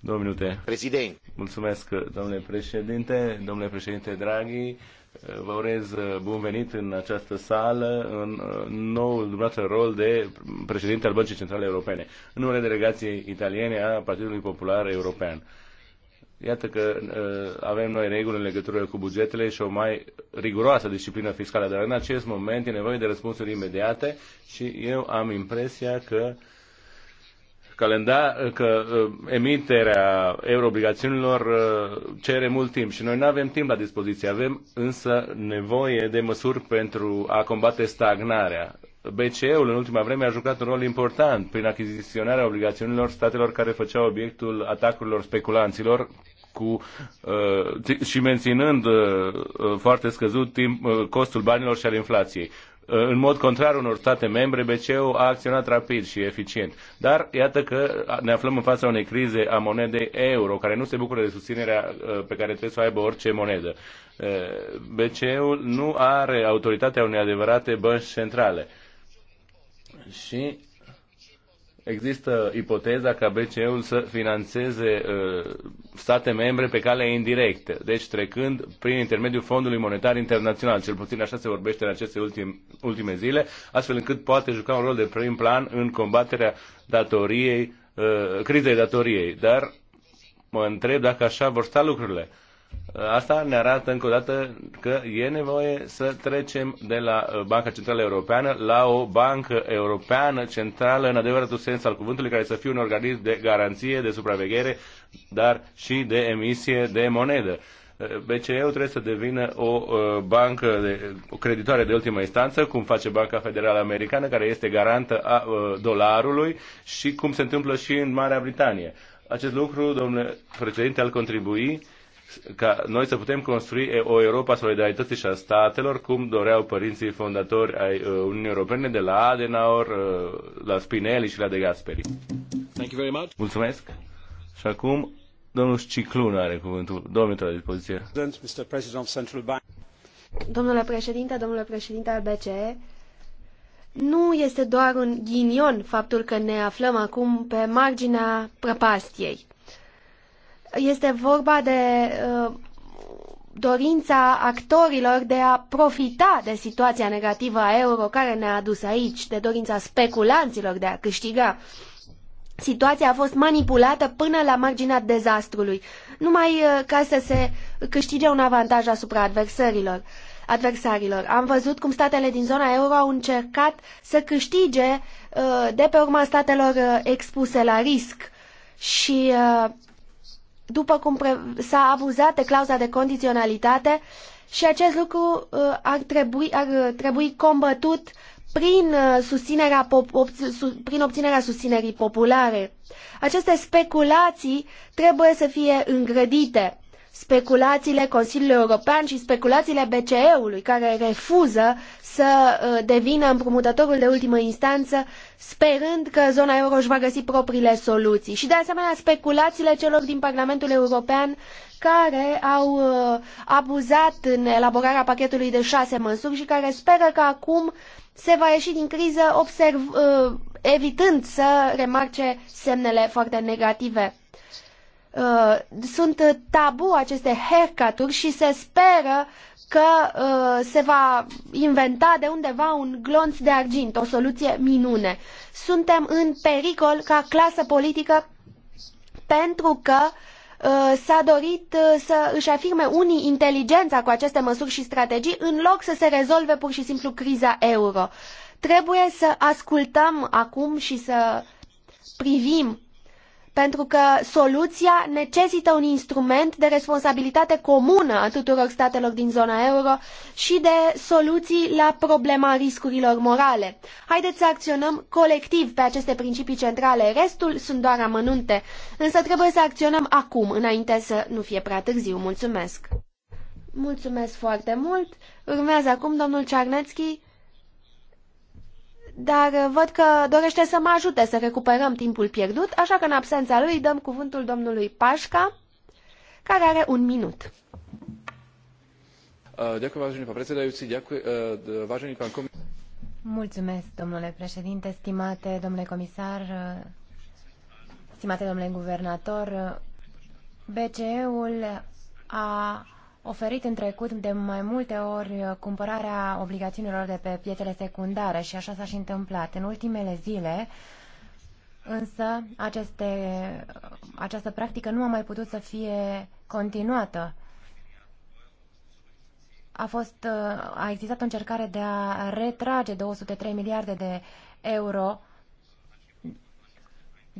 [SPEAKER 2] Două minute. Președinte. Mulțumesc, domnule președinte, domnule președinte Draghi. Vă urez uh, bun venit în această sală, în noul dumneavoastră rol de președinte al Băncii Centrale Europene, în numele delegației italiene a Partidului Popular European. Iată că uh, avem noi reguli în legătură cu bugetele și o mai riguroasă disciplină fiscală, dar în acest moment e nevoie de răspunsuri imediate și eu am impresia că calendar, că uh, emiterea euroobligațiunilor uh, cere mult timp și noi nu avem timp la dispoziție, avem însă nevoie de măsuri pentru a combate stagnarea BCE-ul în ultima vreme a jucat un rol important prin achiziționarea obligațiunilor statelor care făceau obiectul atacurilor speculanților cu, uh, și menținând uh, uh, foarte scăzut timp, uh, costul banilor și al inflației. Uh, în mod contrar unor state membre, BCE-ul a acționat rapid și eficient. Dar iată că ne aflăm în fața unei crize a monedei euro, care nu se bucură de susținerea uh, pe care trebuie să o aibă orice monedă. BCE-ul nu are autoritatea unei adevărate bănci centrale și există ipoteza ca BCE-ul să financeze uh, state membre pe cale indirectă, deci trecând prin intermediul Fondului Monetar Internațional, cel puțin așa se vorbește în aceste ultime, ultime zile, astfel încât poate juca un rol de prim plan în combaterea datoriei, uh, crizei datoriei. Dar mă întreb dacă așa vor sta lucrurile. Uh, Asta ne arată încă o dată că e nevoie să trecem de la uh, Banca Centrală Europeană la o bancă europeană centrală în adevăratul sens al cuvântului, care să fie un organism de garanție, de supraveghere, dar și de emisie de monedă. Uh, BCE-ul trebuie să devină o uh, bancă, de, o creditoare de ultimă instanță, cum face Banca Federală Americană, care este garantă a dolarului și cum se întâmplă și în Marea Britanie. Acest lucru, domnule președinte, al contribui ca noi să putem construi o Europa solidarității și a statelor, cum doreau părinții fondatori ai uh, Uniunii Europene de la Adenauer, uh, la Spinelli și la De Gasperi. Thank you very much. Mulțumesc. Și acum domnul Ciclun are cuvântul. Domnul la dispoziție.
[SPEAKER 4] Domnule președinte, domnule președinte al BCE, nu este doar un ghinion faptul că ne aflăm acum pe marginea prăpastiei. Este vorba de uh, dorința actorilor de a profita de situația negativă a euro care ne-a adus aici, de dorința speculanților de a câștiga. Situația a fost manipulată până la marginea dezastrului, numai uh, ca să se câștige un avantaj asupra adversarilor adversarilor. Am văzut cum statele din zona euro au încercat să câștige uh, de pe urma statelor expuse la risc și după cum s-a abuzat de clauza de condiționalitate și acest lucru uh, ar trebui, ar trebui combătut prin, uh, susținerea, prin obținerea susținerii populare. Aceste speculații trebuie să fie îngrădite speculațiile Consiliului European și speculațiile BCE-ului, care refuză să uh, devină împrumutătorul de ultimă instanță, sperând că zona euro își va găsi propriile soluții. Și de asemenea speculațiile celor din Parlamentul European care au uh, abuzat în elaborarea pachetului de șase măsuri și care speră că acum se va ieși din criză observ, uh, evitând să remarce semnele foarte negative Uh, sunt tabu aceste haircut-uri și se speră că uh, se va inventa de undeva un glonț de argint, o soluție minune. Suntem în pericol ca clasă politică pentru că uh, s-a dorit uh, să își afirme unii inteligența cu aceste măsuri și strategii în loc să se rezolve pur și simplu criza euro. Trebuie să ascultăm acum și să privim pentru că soluția necesită un instrument de responsabilitate comună a tuturor statelor din zona euro și de soluții la problema riscurilor morale. Haideți să acționăm colectiv pe aceste principii centrale, restul sunt doar amănunte, însă trebuie să acționăm acum, înainte să nu fie prea târziu. Mulțumesc! Mulțumesc foarte mult! Urmează acum domnul Cearnețchi dar uh, văd că dorește să mă ajute să recuperăm timpul pierdut, așa că în absența lui dăm cuvântul domnului Pașca, care are un minut.
[SPEAKER 1] Uh, uh, Mulțumesc, domnule președinte, stimate domnule comisar, stimate domnule guvernator. BCE-ul a oferit în trecut de mai multe ori cumpărarea obligațiunilor de pe pietele secundare și așa s-a și întâmplat. În ultimele zile, însă, aceste, această practică nu a mai putut să fie continuată. A, fost, a existat o încercare de a retrage 203 miliarde de euro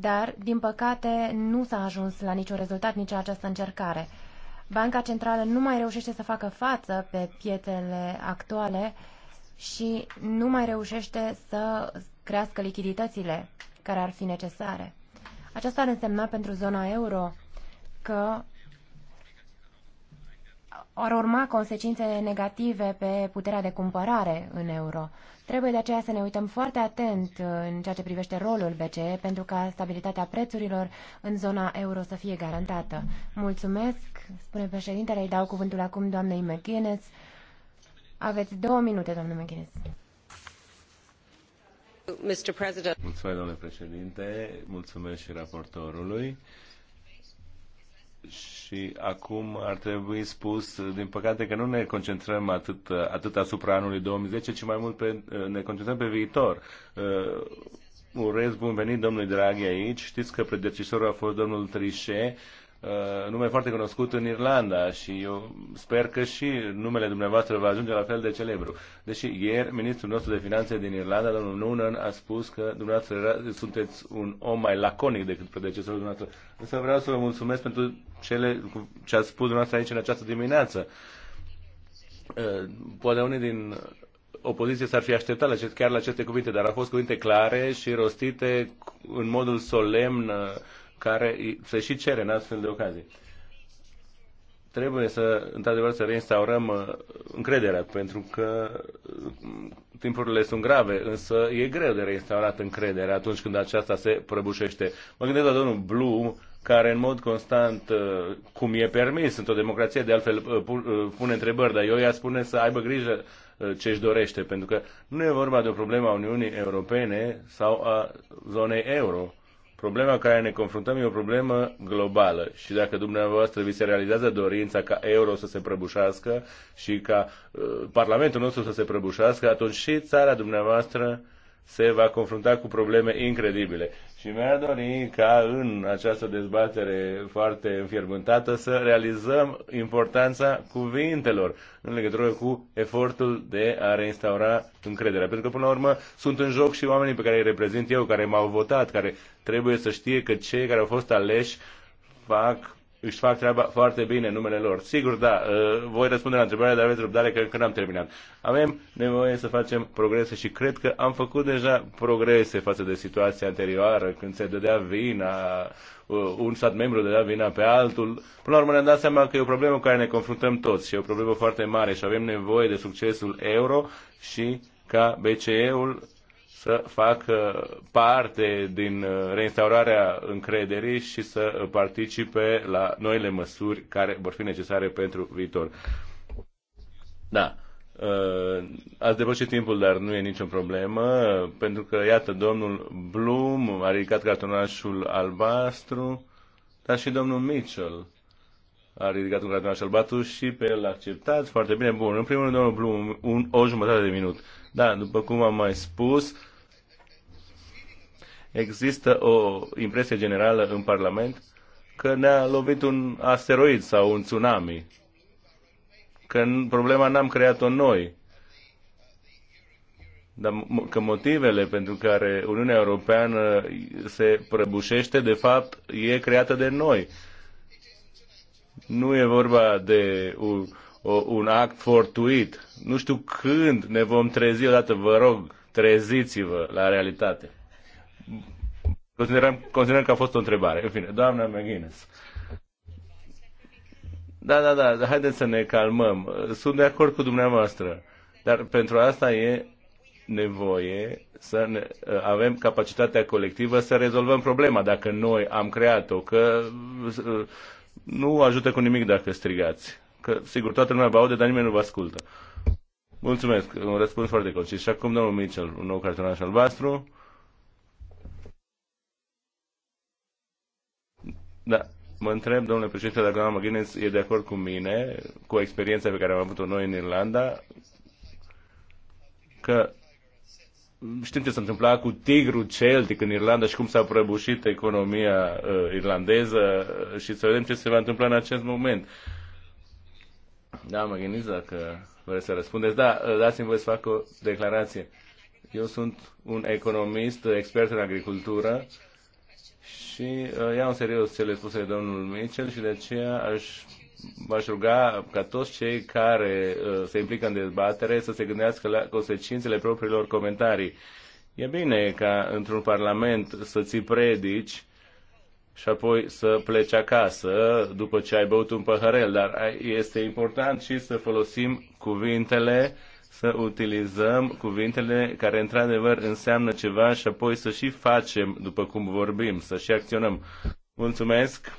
[SPEAKER 1] dar, din păcate, nu s-a ajuns la niciun rezultat nici această încercare. Banca Centrală nu mai reușește să facă față pe pietele actuale și nu mai reușește să crească lichiditățile care ar fi necesare. Aceasta ar însemna pentru zona euro că ar urma consecințe negative pe puterea de cumpărare în euro. Trebuie de aceea să ne uităm foarte atent uh, în ceea ce privește rolul BCE pentru ca stabilitatea prețurilor în zona euro să fie garantată. Mulțumesc, spune președintele, îi dau cuvântul acum doamnei McGuinness. Aveți două minute, doamnă McGuinness.
[SPEAKER 3] Mulțumesc,
[SPEAKER 2] domnule președinte, mulțumesc și raportorului și acum ar trebui spus, din păcate, că nu ne concentrăm atât, atât asupra anului 2010, ci mai mult pe, ne concentrăm pe viitor. Uh, urez bun venit domnului Draghi aici. Știți că predecesorul a fost domnul Trichet Uh, nume foarte cunoscut în Irlanda și eu sper că și numele dumneavoastră va ajunge la fel de celebru. Deși ieri ministrul nostru de finanțe din Irlanda, domnul Noonan, a spus că dumneavoastră sunteți un om mai laconic decât predecesorul dumneavoastră. Însă vreau să vă mulțumesc pentru cele ce ați spus dumneavoastră aici în această dimineață. Uh, poate unii din opoziție s-ar fi așteptat la chiar la aceste cuvinte, dar au fost cuvinte clare și rostite în modul solemn uh, care se și cere în astfel de ocazii. Trebuie să, într-adevăr, să reinstaurăm uh, încrederea, pentru că uh, timpurile sunt grave, însă e greu de reinstaurat încrederea atunci când aceasta se prăbușește. Mă gândesc la domnul Blum, care în mod constant, uh, cum e permis într-o democrație, de altfel pune întrebări, dar eu i-a spune să aibă grijă ce își dorește, pentru că nu e vorba de o problemă a Uniunii Europene sau a zonei euro. Problema care ne confruntăm e o problemă globală și dacă dumneavoastră vi se realizează dorința ca euro să se prăbușească și ca uh, Parlamentul nostru să se prăbușească, atunci și țara dumneavoastră se va confrunta cu probleme incredibile. Și mi-a dorit ca în această dezbatere foarte înfierbântată să realizăm importanța cuvintelor în legătură cu efortul de a reinstaura încrederea. Pentru că, până la urmă, sunt în joc și oamenii pe care îi reprezint eu, care m-au votat, care trebuie să știe că cei care au fost aleși fac își fac treaba foarte bine numele lor. Sigur, da, uh, voi răspunde la întrebare, dar aveți răbdare că încă n-am terminat. Avem nevoie să facem progrese și cred că am făcut deja progrese față de situația anterioară, când se dădea vina, uh, un stat membru dădea vina pe altul. Până la urmă ne-am dat seama că e o problemă cu care ne confruntăm toți și e o problemă foarte mare și avem nevoie de succesul euro și ca BCE-ul să facă parte din uh, reinstaurarea încrederii și să participe la noile măsuri care vor fi necesare pentru viitor. Da. Uh, ați depășit timpul, dar nu e nicio problemă, pentru că, iată, domnul Blum a ridicat cartonașul albastru, dar și domnul Mitchell a ridicat un cartonaș albastru și pe el acceptat. Foarte bine, bun. În primul rând, domnul Blum, un, o jumătate de minut. Da, după cum am mai spus, există o impresie generală în Parlament că ne-a lovit un asteroid sau un tsunami, că problema n-am creat-o noi, dar că motivele pentru care Uniunea Europeană se prăbușește, de fapt, e creată de noi. Nu e vorba de un, un act fortuit. Nu știu când ne vom trezi odată, vă rog, treziți-vă la realitate. Considerăm, considerăm că a fost o întrebare. În fine, doamna McGuinness. Da, da, da, da, haideți să ne calmăm. Sunt de acord cu dumneavoastră, dar pentru asta e nevoie să ne, avem capacitatea colectivă să rezolvăm problema, dacă noi am creat-o, că nu ajută cu nimic dacă strigați. Că, sigur, toată lumea vă aude, dar nimeni nu vă ascultă. Mulțumesc, un răspuns foarte concis. Și acum, domnul Mitchell, un nou cartonaș albastru. Da, mă întreb, domnule președinte, dacă doamna McGuinness e de acord cu mine, cu experiența pe care am avut-o noi în Irlanda, că știm ce s-a întâmplat cu tigrul celtic în Irlanda și cum s-a prăbușit economia uh, irlandeză uh, și să vedem ce se va întâmpla în acest moment. Da, mă gândesc dacă vreți să răspundeți. Da, uh, dați-mi voi să fac o declarație. Eu sunt un economist, expert în agricultură și uh, iau în serios cele spuse de domnul Mitchell și de aceea aș aș ruga ca toți cei care uh, se implică în dezbatere să se gândească la consecințele propriilor comentarii. E bine ca într-un parlament să ți predici și apoi să pleci acasă după ce ai băut un păhărel, dar este important și să folosim cuvintele uh, să utilizăm cuvintele care într-adevăr înseamnă ceva și apoi să și facem după cum vorbim, să și acționăm. Mulțumesc!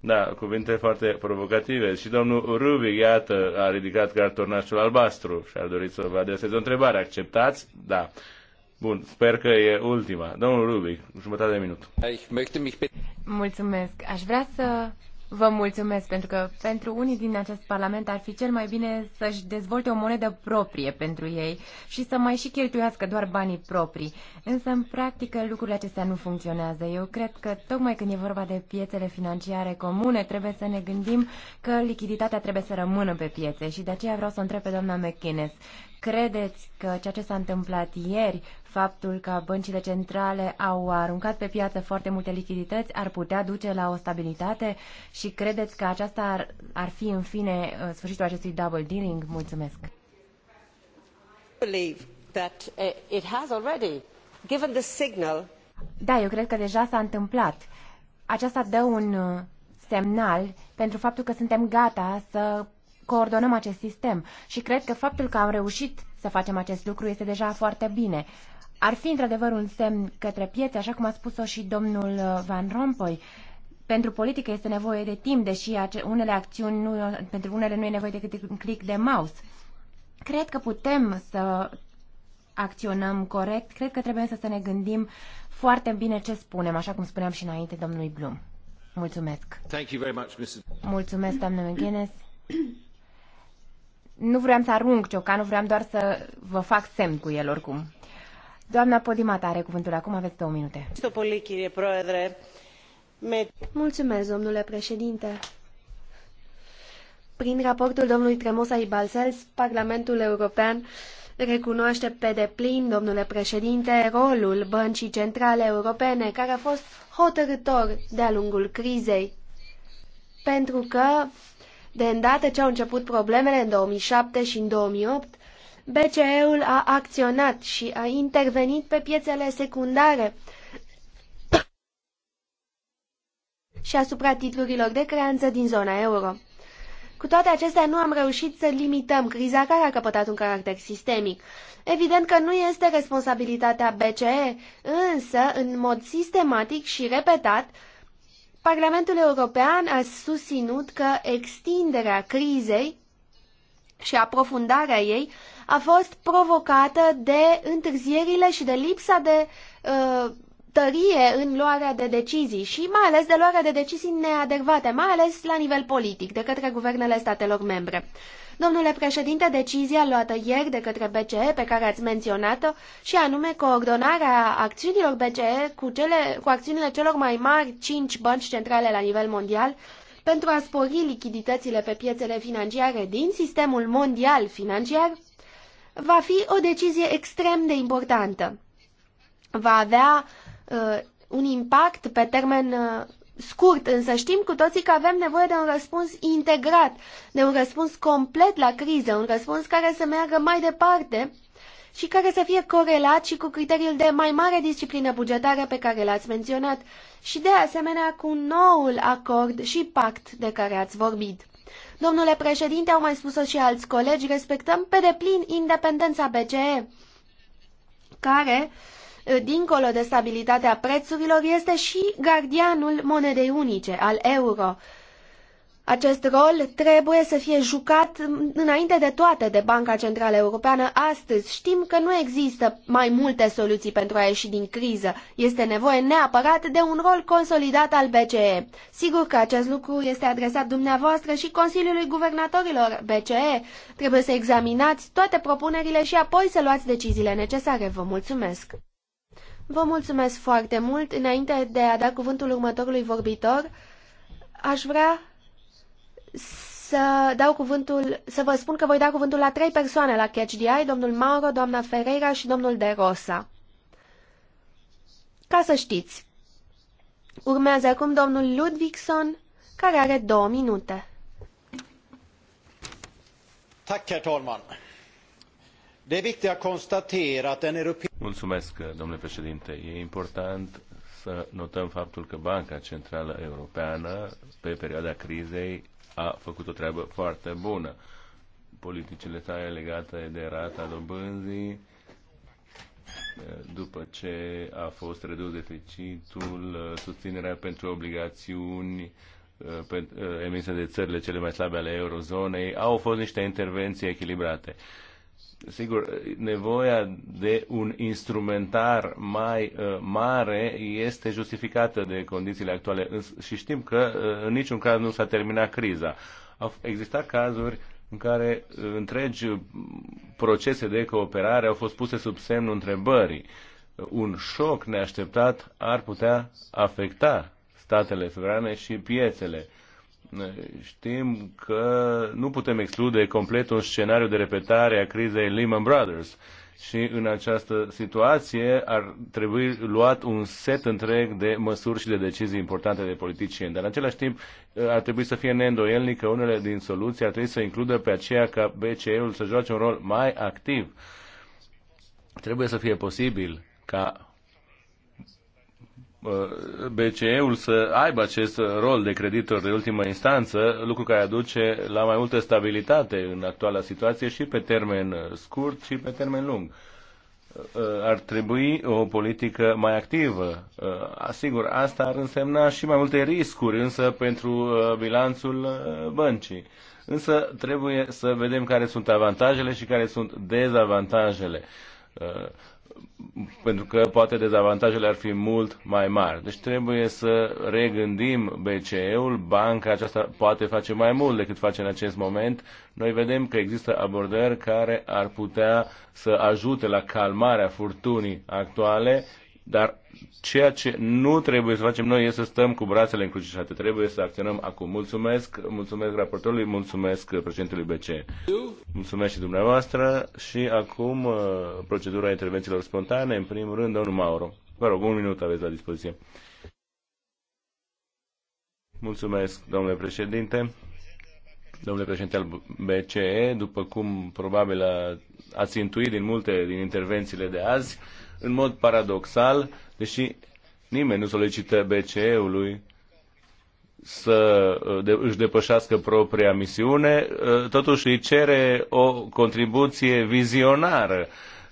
[SPEAKER 2] Da, cuvinte foarte provocative. Și domnul Rubi iată, a ridicat cartonașul albastru și ar dori să vă adreseze o întrebare. Acceptați? Da. Bun, sper că e ultima. Domnul Rubic, jumătate de minut. Da,
[SPEAKER 1] Mulțumesc. Aș vrea să Vă mulțumesc pentru că pentru unii din acest parlament ar fi cel mai bine să-și dezvolte o monedă proprie pentru ei și să mai și cheltuiască doar banii proprii. Însă, în practică, lucrurile acestea nu funcționează. Eu cred că tocmai când e vorba de piețele financiare comune, trebuie să ne gândim că lichiditatea trebuie să rămână pe piețe și de aceea vreau să întreb pe doamna McInnes. Credeți că ceea ce s-a întâmplat ieri, faptul că băncile centrale au aruncat pe piață foarte multe lichidități, ar putea duce la o stabilitate și credeți că aceasta ar, ar fi în fine uh, sfârșitul acestui double dealing? Mulțumesc! Uh, da, eu cred că deja s-a întâmplat. Aceasta dă un uh, semnal pentru faptul că suntem gata să coordonăm acest sistem și cred că faptul că am reușit să facem acest lucru este deja foarte bine. Ar fi într-adevăr un semn către piețe, așa cum a spus-o și domnul uh, Van Rompuy, pentru politică este nevoie de timp, deși unele acțiuni nu, pentru unele nu e nevoie decât de un click de mouse. Cred că putem să acționăm corect, cred că trebuie să, ne gândim foarte bine ce spunem, așa cum spuneam și înainte domnului Blum. Mulțumesc.
[SPEAKER 3] Thank you very much,
[SPEAKER 1] Mulțumesc, doamnă McGuinness. Nu vreau să arunc ciocanul, vreau doar să vă fac semn cu el oricum. Doamna Podimata are cuvântul acum, aveți două minute.
[SPEAKER 4] Mulțumesc, domnule președinte. Prin raportul domnului Tremosa Ibalsels, Parlamentul European recunoaște pe deplin, domnule președinte, rolul Băncii Centrale Europene, care a fost hotărător de-a lungul crizei. Pentru că de îndată ce au început problemele în 2007 și în 2008, BCE-ul a acționat și a intervenit pe piețele secundare *coughs* și asupra titlurilor de creanță din zona euro. Cu toate acestea, nu am reușit să limităm criza care a căpătat un caracter sistemic. Evident că nu este responsabilitatea BCE, însă, în mod sistematic și repetat, Parlamentul European a susținut că extinderea crizei și aprofundarea ei a fost provocată de întârzierile și de lipsa de uh, tărie în luarea de decizii și mai ales de luarea de decizii neadecvate, mai ales la nivel politic, de către guvernele statelor membre. Domnule președinte, decizia luată ieri de către BCE, pe care ați menționat-o, și anume coordonarea acțiunilor BCE cu, cele, cu acțiunile celor mai mari cinci bănci centrale la nivel mondial, pentru a spori lichiditățile pe piețele financiare din sistemul mondial financiar, va fi o decizie extrem de importantă. Va avea Uh, un impact pe termen uh, scurt, însă știm cu toții că avem nevoie de un răspuns integrat, de un răspuns complet la criză, un răspuns care să meargă mai departe și care să fie corelat și cu criteriul de mai mare disciplină bugetară pe care l-ați menționat și de asemenea cu noul acord și pact de care ați vorbit. Domnule președinte, au mai spus-o și alți colegi, respectăm pe deplin independența BCE, care uh, Eh, dincolo de stabilitatea prețurilor, este și gardianul monedei unice, al euro. Acest rol trebuie să fie jucat înainte de toate de Banca Centrală Europeană astăzi. Știm că nu există mai multe soluții pentru a ieși din criză. Este nevoie neapărat de un rol consolidat al BCE. Sigur că acest lucru este adresat dumneavoastră și Consiliului Guvernatorilor BCE. Trebuie să examinați toate propunerile și apoi să luați deciziile necesare. Vă mulțumesc! Vă mulțumesc foarte mult. Înainte de a da cuvântul următorului vorbitor, aș vrea să dau cuvântul, să vă spun că voi da cuvântul la trei persoane la Catch the Eye, domnul Mauro, doamna Ferreira și domnul De Rosa. Ca să știți. Urmează acum domnul Ludvigson, care are două minute.
[SPEAKER 3] Tack, herr talman. Det är viktigt att konstatera att den europeiska...
[SPEAKER 2] Mulțumesc, domnule președinte. E important să notăm faptul că Banca Centrală Europeană, pe perioada crizei, a făcut o treabă foarte bună. Politicile sale legate de rata dobânzii, după ce a fost redus deficitul, susținerea pentru obligațiuni emise de țările cele mai slabe ale eurozonei, au fost niște intervenții echilibrate. Sigur, nevoia de un instrumentar mai uh, mare este justificată de condițiile actuale și știm că uh, în niciun caz nu s-a terminat criza. Au existat cazuri în care uh, întregi uh, procese de cooperare au fost puse sub semnul întrebării. Uh, un șoc neașteptat ar putea afecta statele suverane și piețele știm că nu putem exclude complet un scenariu de repetare a crizei Lehman Brothers. Și în această situație ar trebui luat un set întreg de măsuri și de decizii importante de politicieni. Dar în același timp ar trebui să fie neîndoielnic că unele din soluții ar trebui să includă pe aceea ca BCE-ul să joace un rol mai activ. Trebuie să fie posibil ca Uh, BCE-ul să aibă acest rol de creditor de ultimă instanță, lucru care aduce la mai multă stabilitate în actuala situație și pe termen uh, scurt și pe termen lung. Uh, ar trebui o politică mai activă. Asigur, asta ar însemna și mai multe riscuri, însă pentru bilanțul băncii. Însă trebuie să vedem care sunt avantajele și care sunt dezavantajele pentru că poate dezavantajele ar fi mult mai mari. Deci trebuie să regândim BCE-ul, banca aceasta poate face mai mult decât face în acest moment. Noi vedem că există abordări care ar putea să ajute la calmarea furtunii actuale dar ceea ce nu trebuie să facem noi este să stăm cu brațele încrucișate. Trebuie să acționăm acum. Mulțumesc, mulțumesc raportorului, mulțumesc președintelui BC. Mulțumesc și dumneavoastră și acum uh, procedura intervențiilor spontane. În primul rând, domnul Mauro. Vă rog, un minut aveți la dispoziție. Mulțumesc, domnule președinte. Domnule președinte al BCE, după cum probabil ați intuit din multe din intervențiile de azi, în mod paradoxal, deși nimeni nu solicită BCE-ului să uh, își depășească propria misiune, uh, totuși îi cere o contribuție vizionară.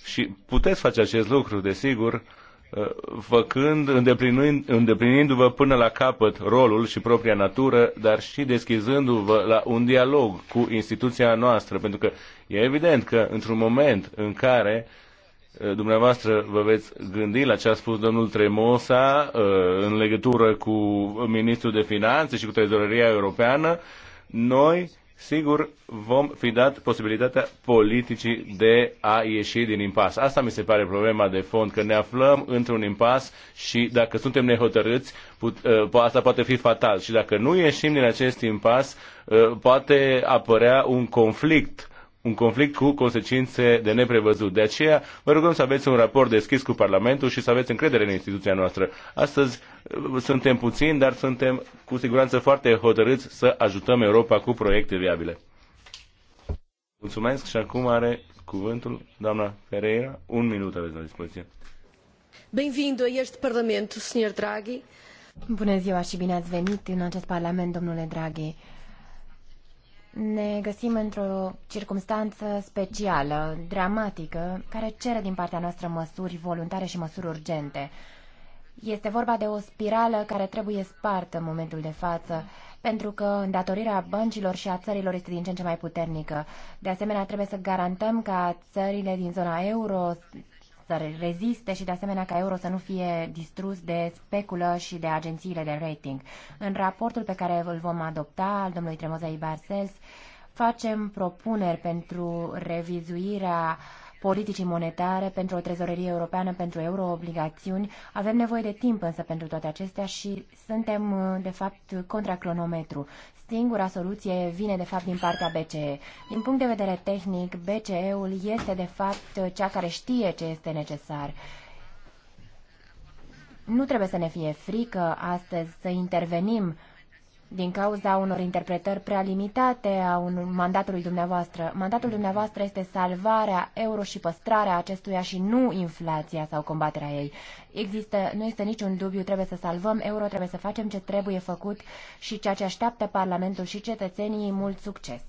[SPEAKER 2] Și puteți face acest lucru, desigur, uh, făcând, îndeplinind, îndeplinindu-vă până la capăt rolul și propria natură, dar și deschizându-vă la un dialog cu instituția noastră, pentru că e evident că într-un moment în care uh, Eh, dumneavoastră vă veți gândi la ce a spus domnul Tremosa eh, în legătură cu ministrul de finanțe și cu trezoreria europeană, noi sigur vom fi dat posibilitatea politicii de a ieși din impas. Asta mi se pare problema de fond, că ne aflăm într-un impas și dacă suntem nehotărâți, eh, asta poate fi fatal. Și dacă nu ieșim din acest impas, poate apărea un conflict un conflict cu consecințe de neprevăzut. De aceea vă rugăm să aveți un raport deschis cu Parlamentul și să aveți încredere în instituția noastră. Astăzi uh, suntem puțini, dar suntem cu siguranță foarte hotărâți să ajutăm Europa cu proiecte viabile. Mulțumesc și acum are cuvântul doamna Ferreira. Un minut aveți la dispoziție.
[SPEAKER 4] Bem-vindo a este Parlamento,
[SPEAKER 1] Sr. Draghi. Bună ziua și bine ați venit în acest Parlament, domnule Draghi ne găsim într-o circunstanță specială, dramatică, care cere din partea noastră măsuri voluntare și măsuri urgente. Este vorba de o spirală care trebuie spartă în momentul de față, pentru că îndatorirea băncilor și a țărilor este din ce în ce mai puternică. De asemenea, trebuie să garantăm ca țările din zona euro să reziste și de asemenea ca euro să nu fie distrus de speculă și de agențiile de rating. În raportul pe care îl vom adopta al domnului Tremozei Barcels facem propuneri pentru revizuirea uh, politicii monetare, pentru o trezorerie europeană, pentru euroobligațiuni. Avem nevoie de timp însă pentru toate acestea și suntem, uh, de fapt, contra cronometru. Singura soluție vine, de fapt, din partea BCE. Din punct de vedere tehnic, BCE-ul este, de fapt, uh, cea care știe ce este necesar. Nu trebuie să ne fie frică astăzi să intervenim uh, din cauza unor interpretări prea limitate a un mandatului dumneavoastră. Mandatul dumneavoastră este salvarea euro și păstrarea acestuia și nu inflația sau combaterea ei. Există, nu este niciun dubiu, trebuie să salvăm euro, trebuie să facem ce trebuie făcut și ceea ce așteaptă Parlamentul și cetățenii. Mult succes!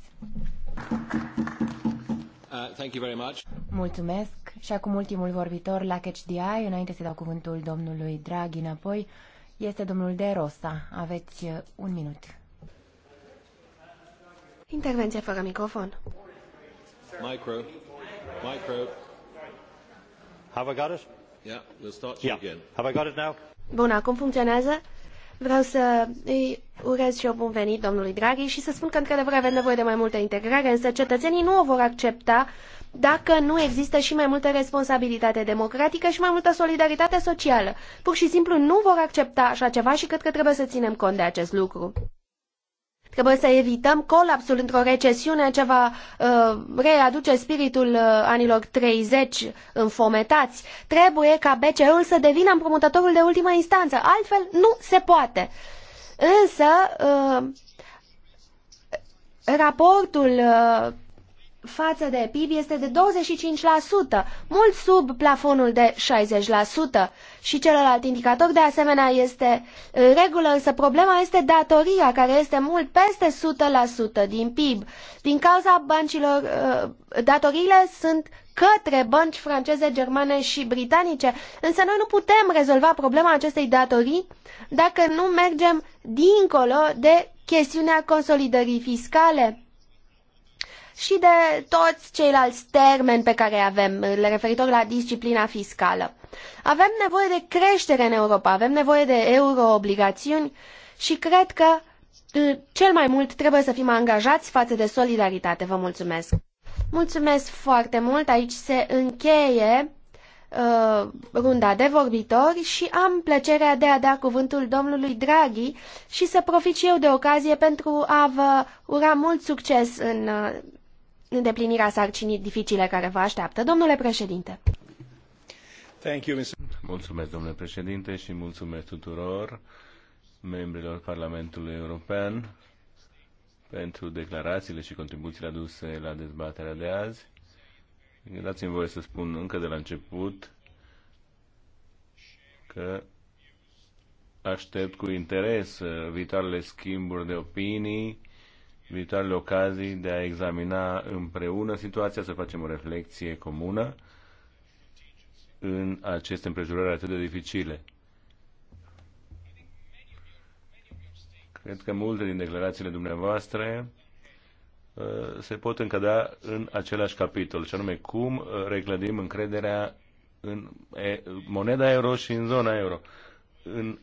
[SPEAKER 3] Uh, thank you very much.
[SPEAKER 1] Mulțumesc și acum ultimul vorbitor la Catch înainte să dau cuvântul domnului Draghi înapoi este domnul De Rosa. Aveți uh, un minut.
[SPEAKER 4] Intervenție fără microfon.
[SPEAKER 3] Micro. Micro. Have I got it? Yeah, we'll start you yeah. again. Have I got it now?
[SPEAKER 4] Bun, acum funcționează. Vreau să îi urez și eu bun venit domnului Draghi și să spun că într-adevăr avem nevoie de mai multă integrare, însă cetățenii nu o vor accepta dacă nu există și mai multă responsabilitate democratică și mai multă solidaritate socială. Pur și simplu nu vor accepta așa ceva și cred că trebuie să ținem cont de acest lucru. Trebuie să evităm colapsul într-o recesiune ce va uh, readuce spiritul uh, anilor 30 înfometați. Trebuie ca BCE-ul să devină împrumutătorul de ultimă instanță. Altfel nu se poate. Însă, uh, raportul uh, față de PIB este de 25%, mult sub plafonul de 60%. Și celălalt indicator de asemenea este în regulă, însă problema este datoria, care este mult peste 100% din PIB. Din cauza băncilor, uh, datoriile sunt către bănci franceze, germane și britanice, însă noi nu putem rezolva problema acestei datorii dacă nu mergem dincolo de chestiunea consolidării fiscale și de toți ceilalți termeni pe care îi avem referitor la disciplina fiscală. Avem nevoie de creștere în Europa, avem nevoie de euroobligațiuni și cred că uh, cel mai mult trebuie să fim angajați față de solidaritate. Vă mulțumesc! Mulțumesc foarte mult! Aici se încheie uh, runda de vorbitori și am plăcerea de a da cuvântul domnului Draghi și să profit și eu de ocazie pentru a vă ura mult succes în uh, îndeplinirea sarcinii dificile care vă așteaptă. Domnule președinte.
[SPEAKER 2] Thank you, mulțumesc, domnule președinte, și mulțumesc tuturor membrilor Parlamentului European pentru declarațiile și contribuțiile aduse la dezbaterea de azi. Dați-mi voie să spun încă de la început că aștept cu interes viitoarele schimburi de opinii viitoarele ocazii de a examina împreună situația, să facem o reflexie comună în aceste împrejurări atât de dificile. Cred că multe din declarațiile dumneavoastră uh, se pot încădea în același capitol, și anume cum reclădim încrederea în moneda euro și în zona euro. În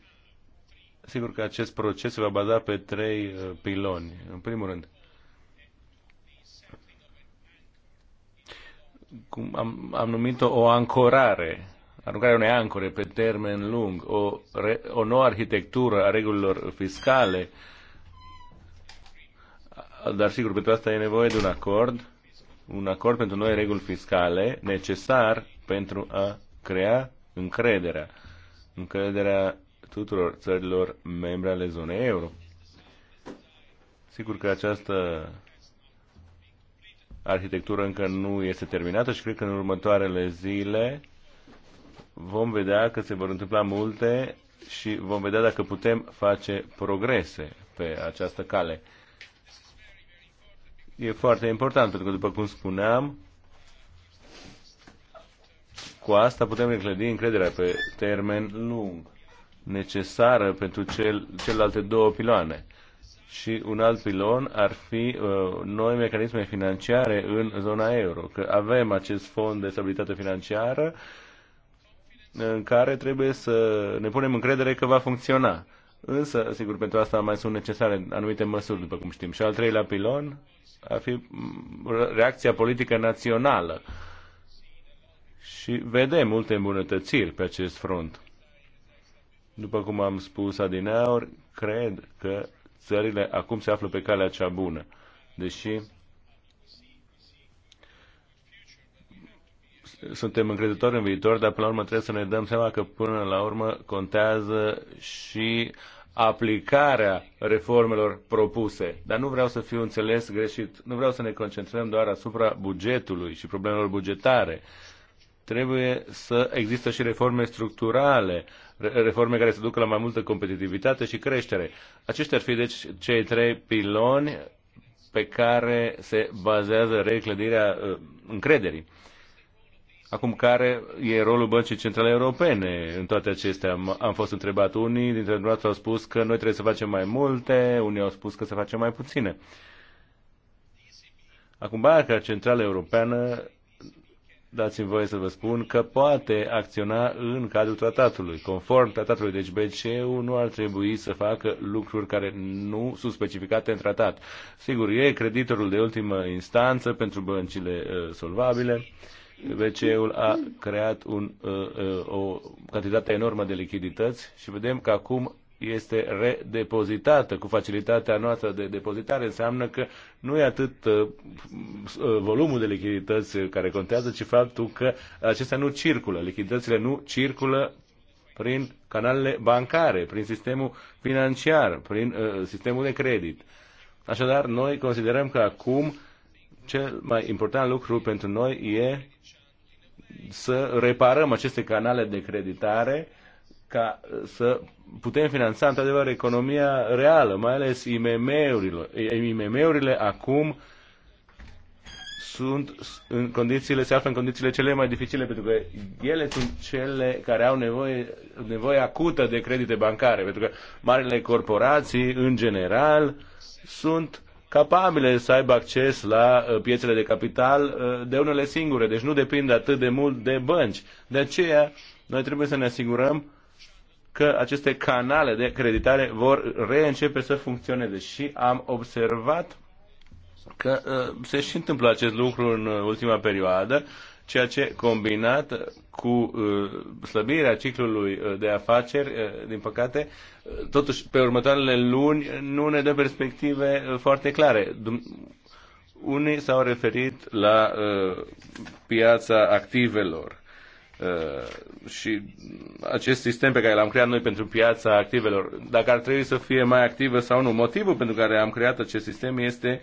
[SPEAKER 2] sigur că acest proces se va baza pe trei uh, piloni. În primul rând, cum am, am numit-o o ancorare, aruncarea unei ancore pe termen lung, o, re, o nouă arhitectură a regulilor fiscale, dar sigur, pentru asta e nevoie de un acord, un acord pentru noi reguli fiscale necesar pentru a crea încrederea, încrederea tuturor țărilor membre ale zonei euro. Sigur că această arhitectură încă nu este terminată și cred că în următoarele zile vom vedea că se vor întâmpla multe și vom vedea dacă putem face progrese pe această cale. E foarte important, pentru că, după cum spuneam, cu asta putem reclădi încrederea pe termen lung necesară pentru cel, celelalte două piloane. Și un alt pilon ar fi uh, noi mecanisme financiare în zona euro, că avem acest fond de stabilitate financiară în care trebuie să ne punem încredere că va funcționa. Însă, sigur, pentru asta mai sunt necesare anumite măsuri, după cum știm. Și al treilea pilon ar fi mm, reacția politică națională. Și vedem multe îmbunătățiri pe acest front. După cum am spus adineaori, cred că țările acum se află pe calea cea bună, deși suntem încrezători în viitor, dar până la urmă trebuie să ne dăm seama că până la urmă contează și aplicarea reformelor propuse. Dar nu vreau să fiu înțeles greșit. Nu vreau să ne concentrăm doar asupra bugetului și problemelor bugetare. Trebuie să există și reforme structurale reforme care să ducă la mai multă competitivitate și creștere. Aceștia ar fi, deci, cei trei piloni pe care se bazează reclădirea uh, încrederii. Acum, care e rolul Băncii Centrale Europene în toate acestea? Am fost întrebat. Unii dintre dumneavoastră au spus că noi trebuie să facem mai multe, unii au spus că să facem mai puține. Acum, Banca Centrală Europeană dați-mi voie să vă spun că poate acționa în cadrul tratatului. Conform tratatului, deci BCE-ul nu ar trebui să facă lucruri care nu sunt specificate în tratat. Sigur, e creditorul de ultimă instanță pentru băncile uh, solvabile. BCE-ul a creat un, uh, uh, o cantitate enormă de lichidități și vedem că acum este redepozitată cu facilitatea noastră de depozitare, înseamnă că nu e atât uh, uh, volumul de lichidități care contează, ci faptul că acestea nu circulă. Lichiditățile nu circulă prin canalele bancare, prin sistemul financiar, prin uh, sistemul de credit. Așadar, noi considerăm că acum cel mai important lucru pentru noi e să reparăm aceste canale de creditare ca uh, să putem finanța într-adevăr economia reală, mai ales IMM-urile. IMM-urile acum sunt în condițiile, se află în condițiile cele mai dificile, pentru că ele sunt cele care au nevoie, nevoie acută de credite bancare, pentru că marile corporații, în general, sunt capabile să aibă acces la uh, piețele de capital uh, de unele singure, deci nu depind atât de mult de bănci. De aceea, noi trebuie să ne asigurăm că aceste canale de creditare vor reîncepe să funcționeze și am observat că uh, se și întâmplă acest lucru în uh, ultima perioadă, ceea ce combinat uh, cu slăbirea ciclului de afaceri, din păcate, totuși pe următoarele luni nu ne dă perspective foarte clare. Unii s-au referit la piața activelor Uh, și acest sistem pe care l-am creat noi pentru piața activelor, dacă ar trebui să fie mai activă sau nu. Motivul pentru care am creat acest sistem este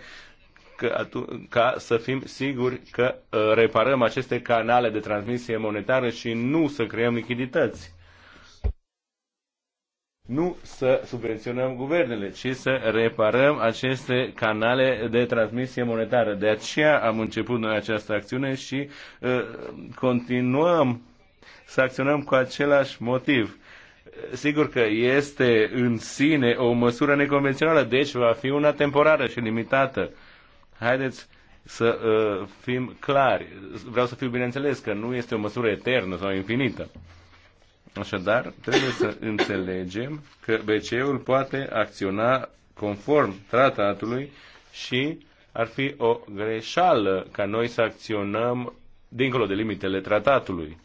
[SPEAKER 2] că ca să fim siguri că uh, reparăm aceste canale de transmisie monetară și nu să creăm lichidități nu să subvenționăm guvernele, ci să reparăm aceste canale de transmisie monetară. De aceea am început noi această acțiune și uh, continuăm să acționăm cu același motiv. Sigur că este în sine o măsură neconvențională, deci va fi una temporară și limitată. Haideți să uh, fim clari. Vreau să fiu bineînțeles că nu este o măsură eternă sau infinită. Așadar, trebuie să înțelegem că BCE-ul poate acționa conform tratatului și ar fi o greșeală ca noi să acționăm dincolo de limitele tratatului.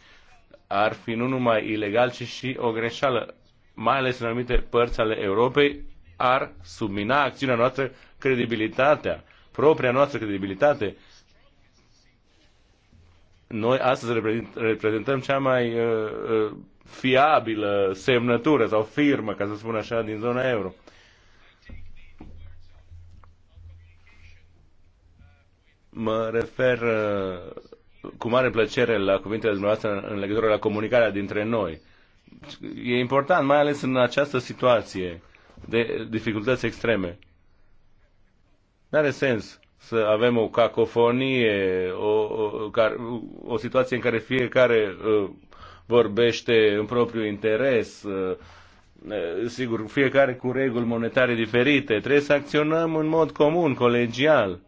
[SPEAKER 2] Ar fi nu numai ilegal, ci și o greșeală, mai ales în anumite părți ale Europei, ar submina acțiunea noastră credibilitatea, propria noastră credibilitate. Noi astăzi reprezentăm cea mai uh, uh fiabilă semnătură sau firmă, ca să spun așa, din zona euro. Mă refer uh, cu mare plăcere la cuvintele dumneavoastră în legătură la comunicarea dintre noi. E important, mai ales în această situație de dificultăți extreme. Nu are sens să avem o cacofonie, o, o, o, o situație în care fiecare uh, vorbește în propriu interes, uh, sigur, fiecare cu reguli monetare diferite, trebuie să acționăm în mod comun, colegial.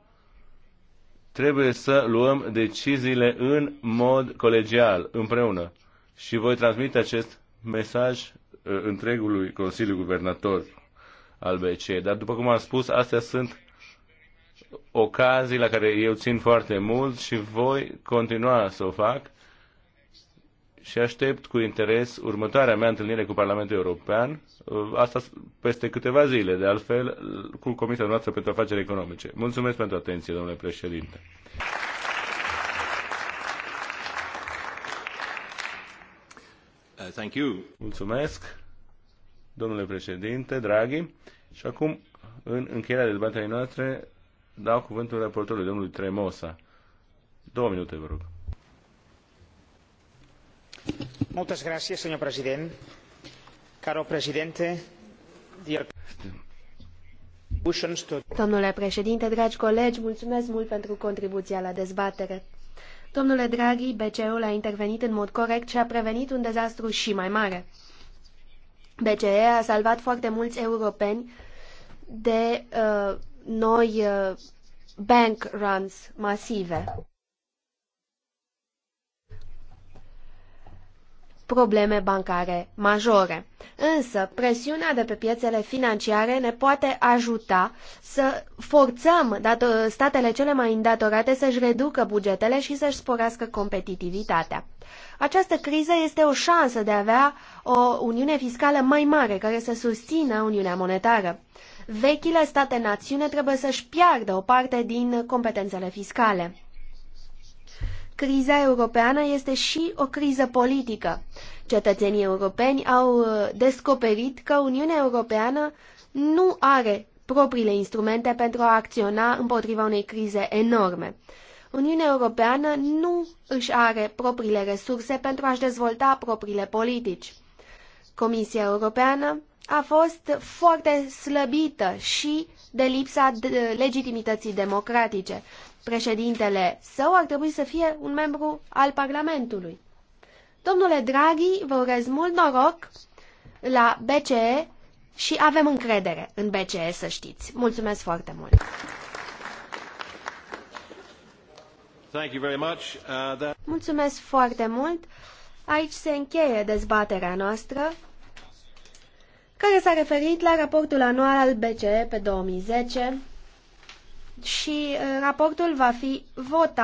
[SPEAKER 2] Trebuie să luăm deciziile în mod colegial, împreună. Și voi transmite acest mesaj uh, întregului Consiliu Guvernator al BCE. Dar după cum am spus, astea sunt ocazii la care eu țin foarte mult și voi continua să o fac și aștept cu interes următoarea mea întâlnire cu Parlamentul European, uh, asta peste câteva zile, de altfel, uh, cu Comisia noastră pentru afaceri economice. Mulțumesc pentru atenție, domnule președinte. Uh, thank you. Mulțumesc, domnule președinte, draghi. Și acum, în încheierea dezbaterii noastre, dau cuvântul raportorului, domnului Tremosa. Două minute, vă rog.
[SPEAKER 3] Mulțumesc, președinte. Caro președinte,
[SPEAKER 4] Domnule președinte, dragi colegi, mulțumesc mult pentru contribuția la dezbatere. Domnule Draghi, BCE-ul a intervenit în mod corect și a prevenit un dezastru și mai mare. BCE a salvat foarte mulți europeni de uh, noi uh, bank runs masive. probleme bancare majore. Însă, presiunea de pe piețele financiare ne poate ajuta să forțăm statele cele mai îndatorate să-și reducă bugetele și să-și sporească competitivitatea. Această criză este o șansă de a avea o uniune fiscală mai mare care să susțină uniunea monetară. Vechile state-națiune trebuie să-și piardă o parte din competențele fiscale criza europeană este și o criză politică. Cetățenii europeni au uh, descoperit că Uniunea Europeană nu are propriile instrumente pentru a acționa împotriva unei crize enorme. Uniunea Europeană nu își are propriile resurse pentru a-și dezvolta propriile politici. Comisia Europeană a fost foarte slăbită și de lipsa de legitimității democratice președintele său ar trebui să fie un membru al Parlamentului. Domnule Draghi, vă urez mult noroc la BCE și avem încredere în BCE, să știți. Mulțumesc foarte mult!
[SPEAKER 2] Uh,
[SPEAKER 4] Mulțumesc foarte mult! Aici se încheie dezbaterea noastră care s-a referit la raportul anual al BCE pe 2010 și uh, raportul va fi votat.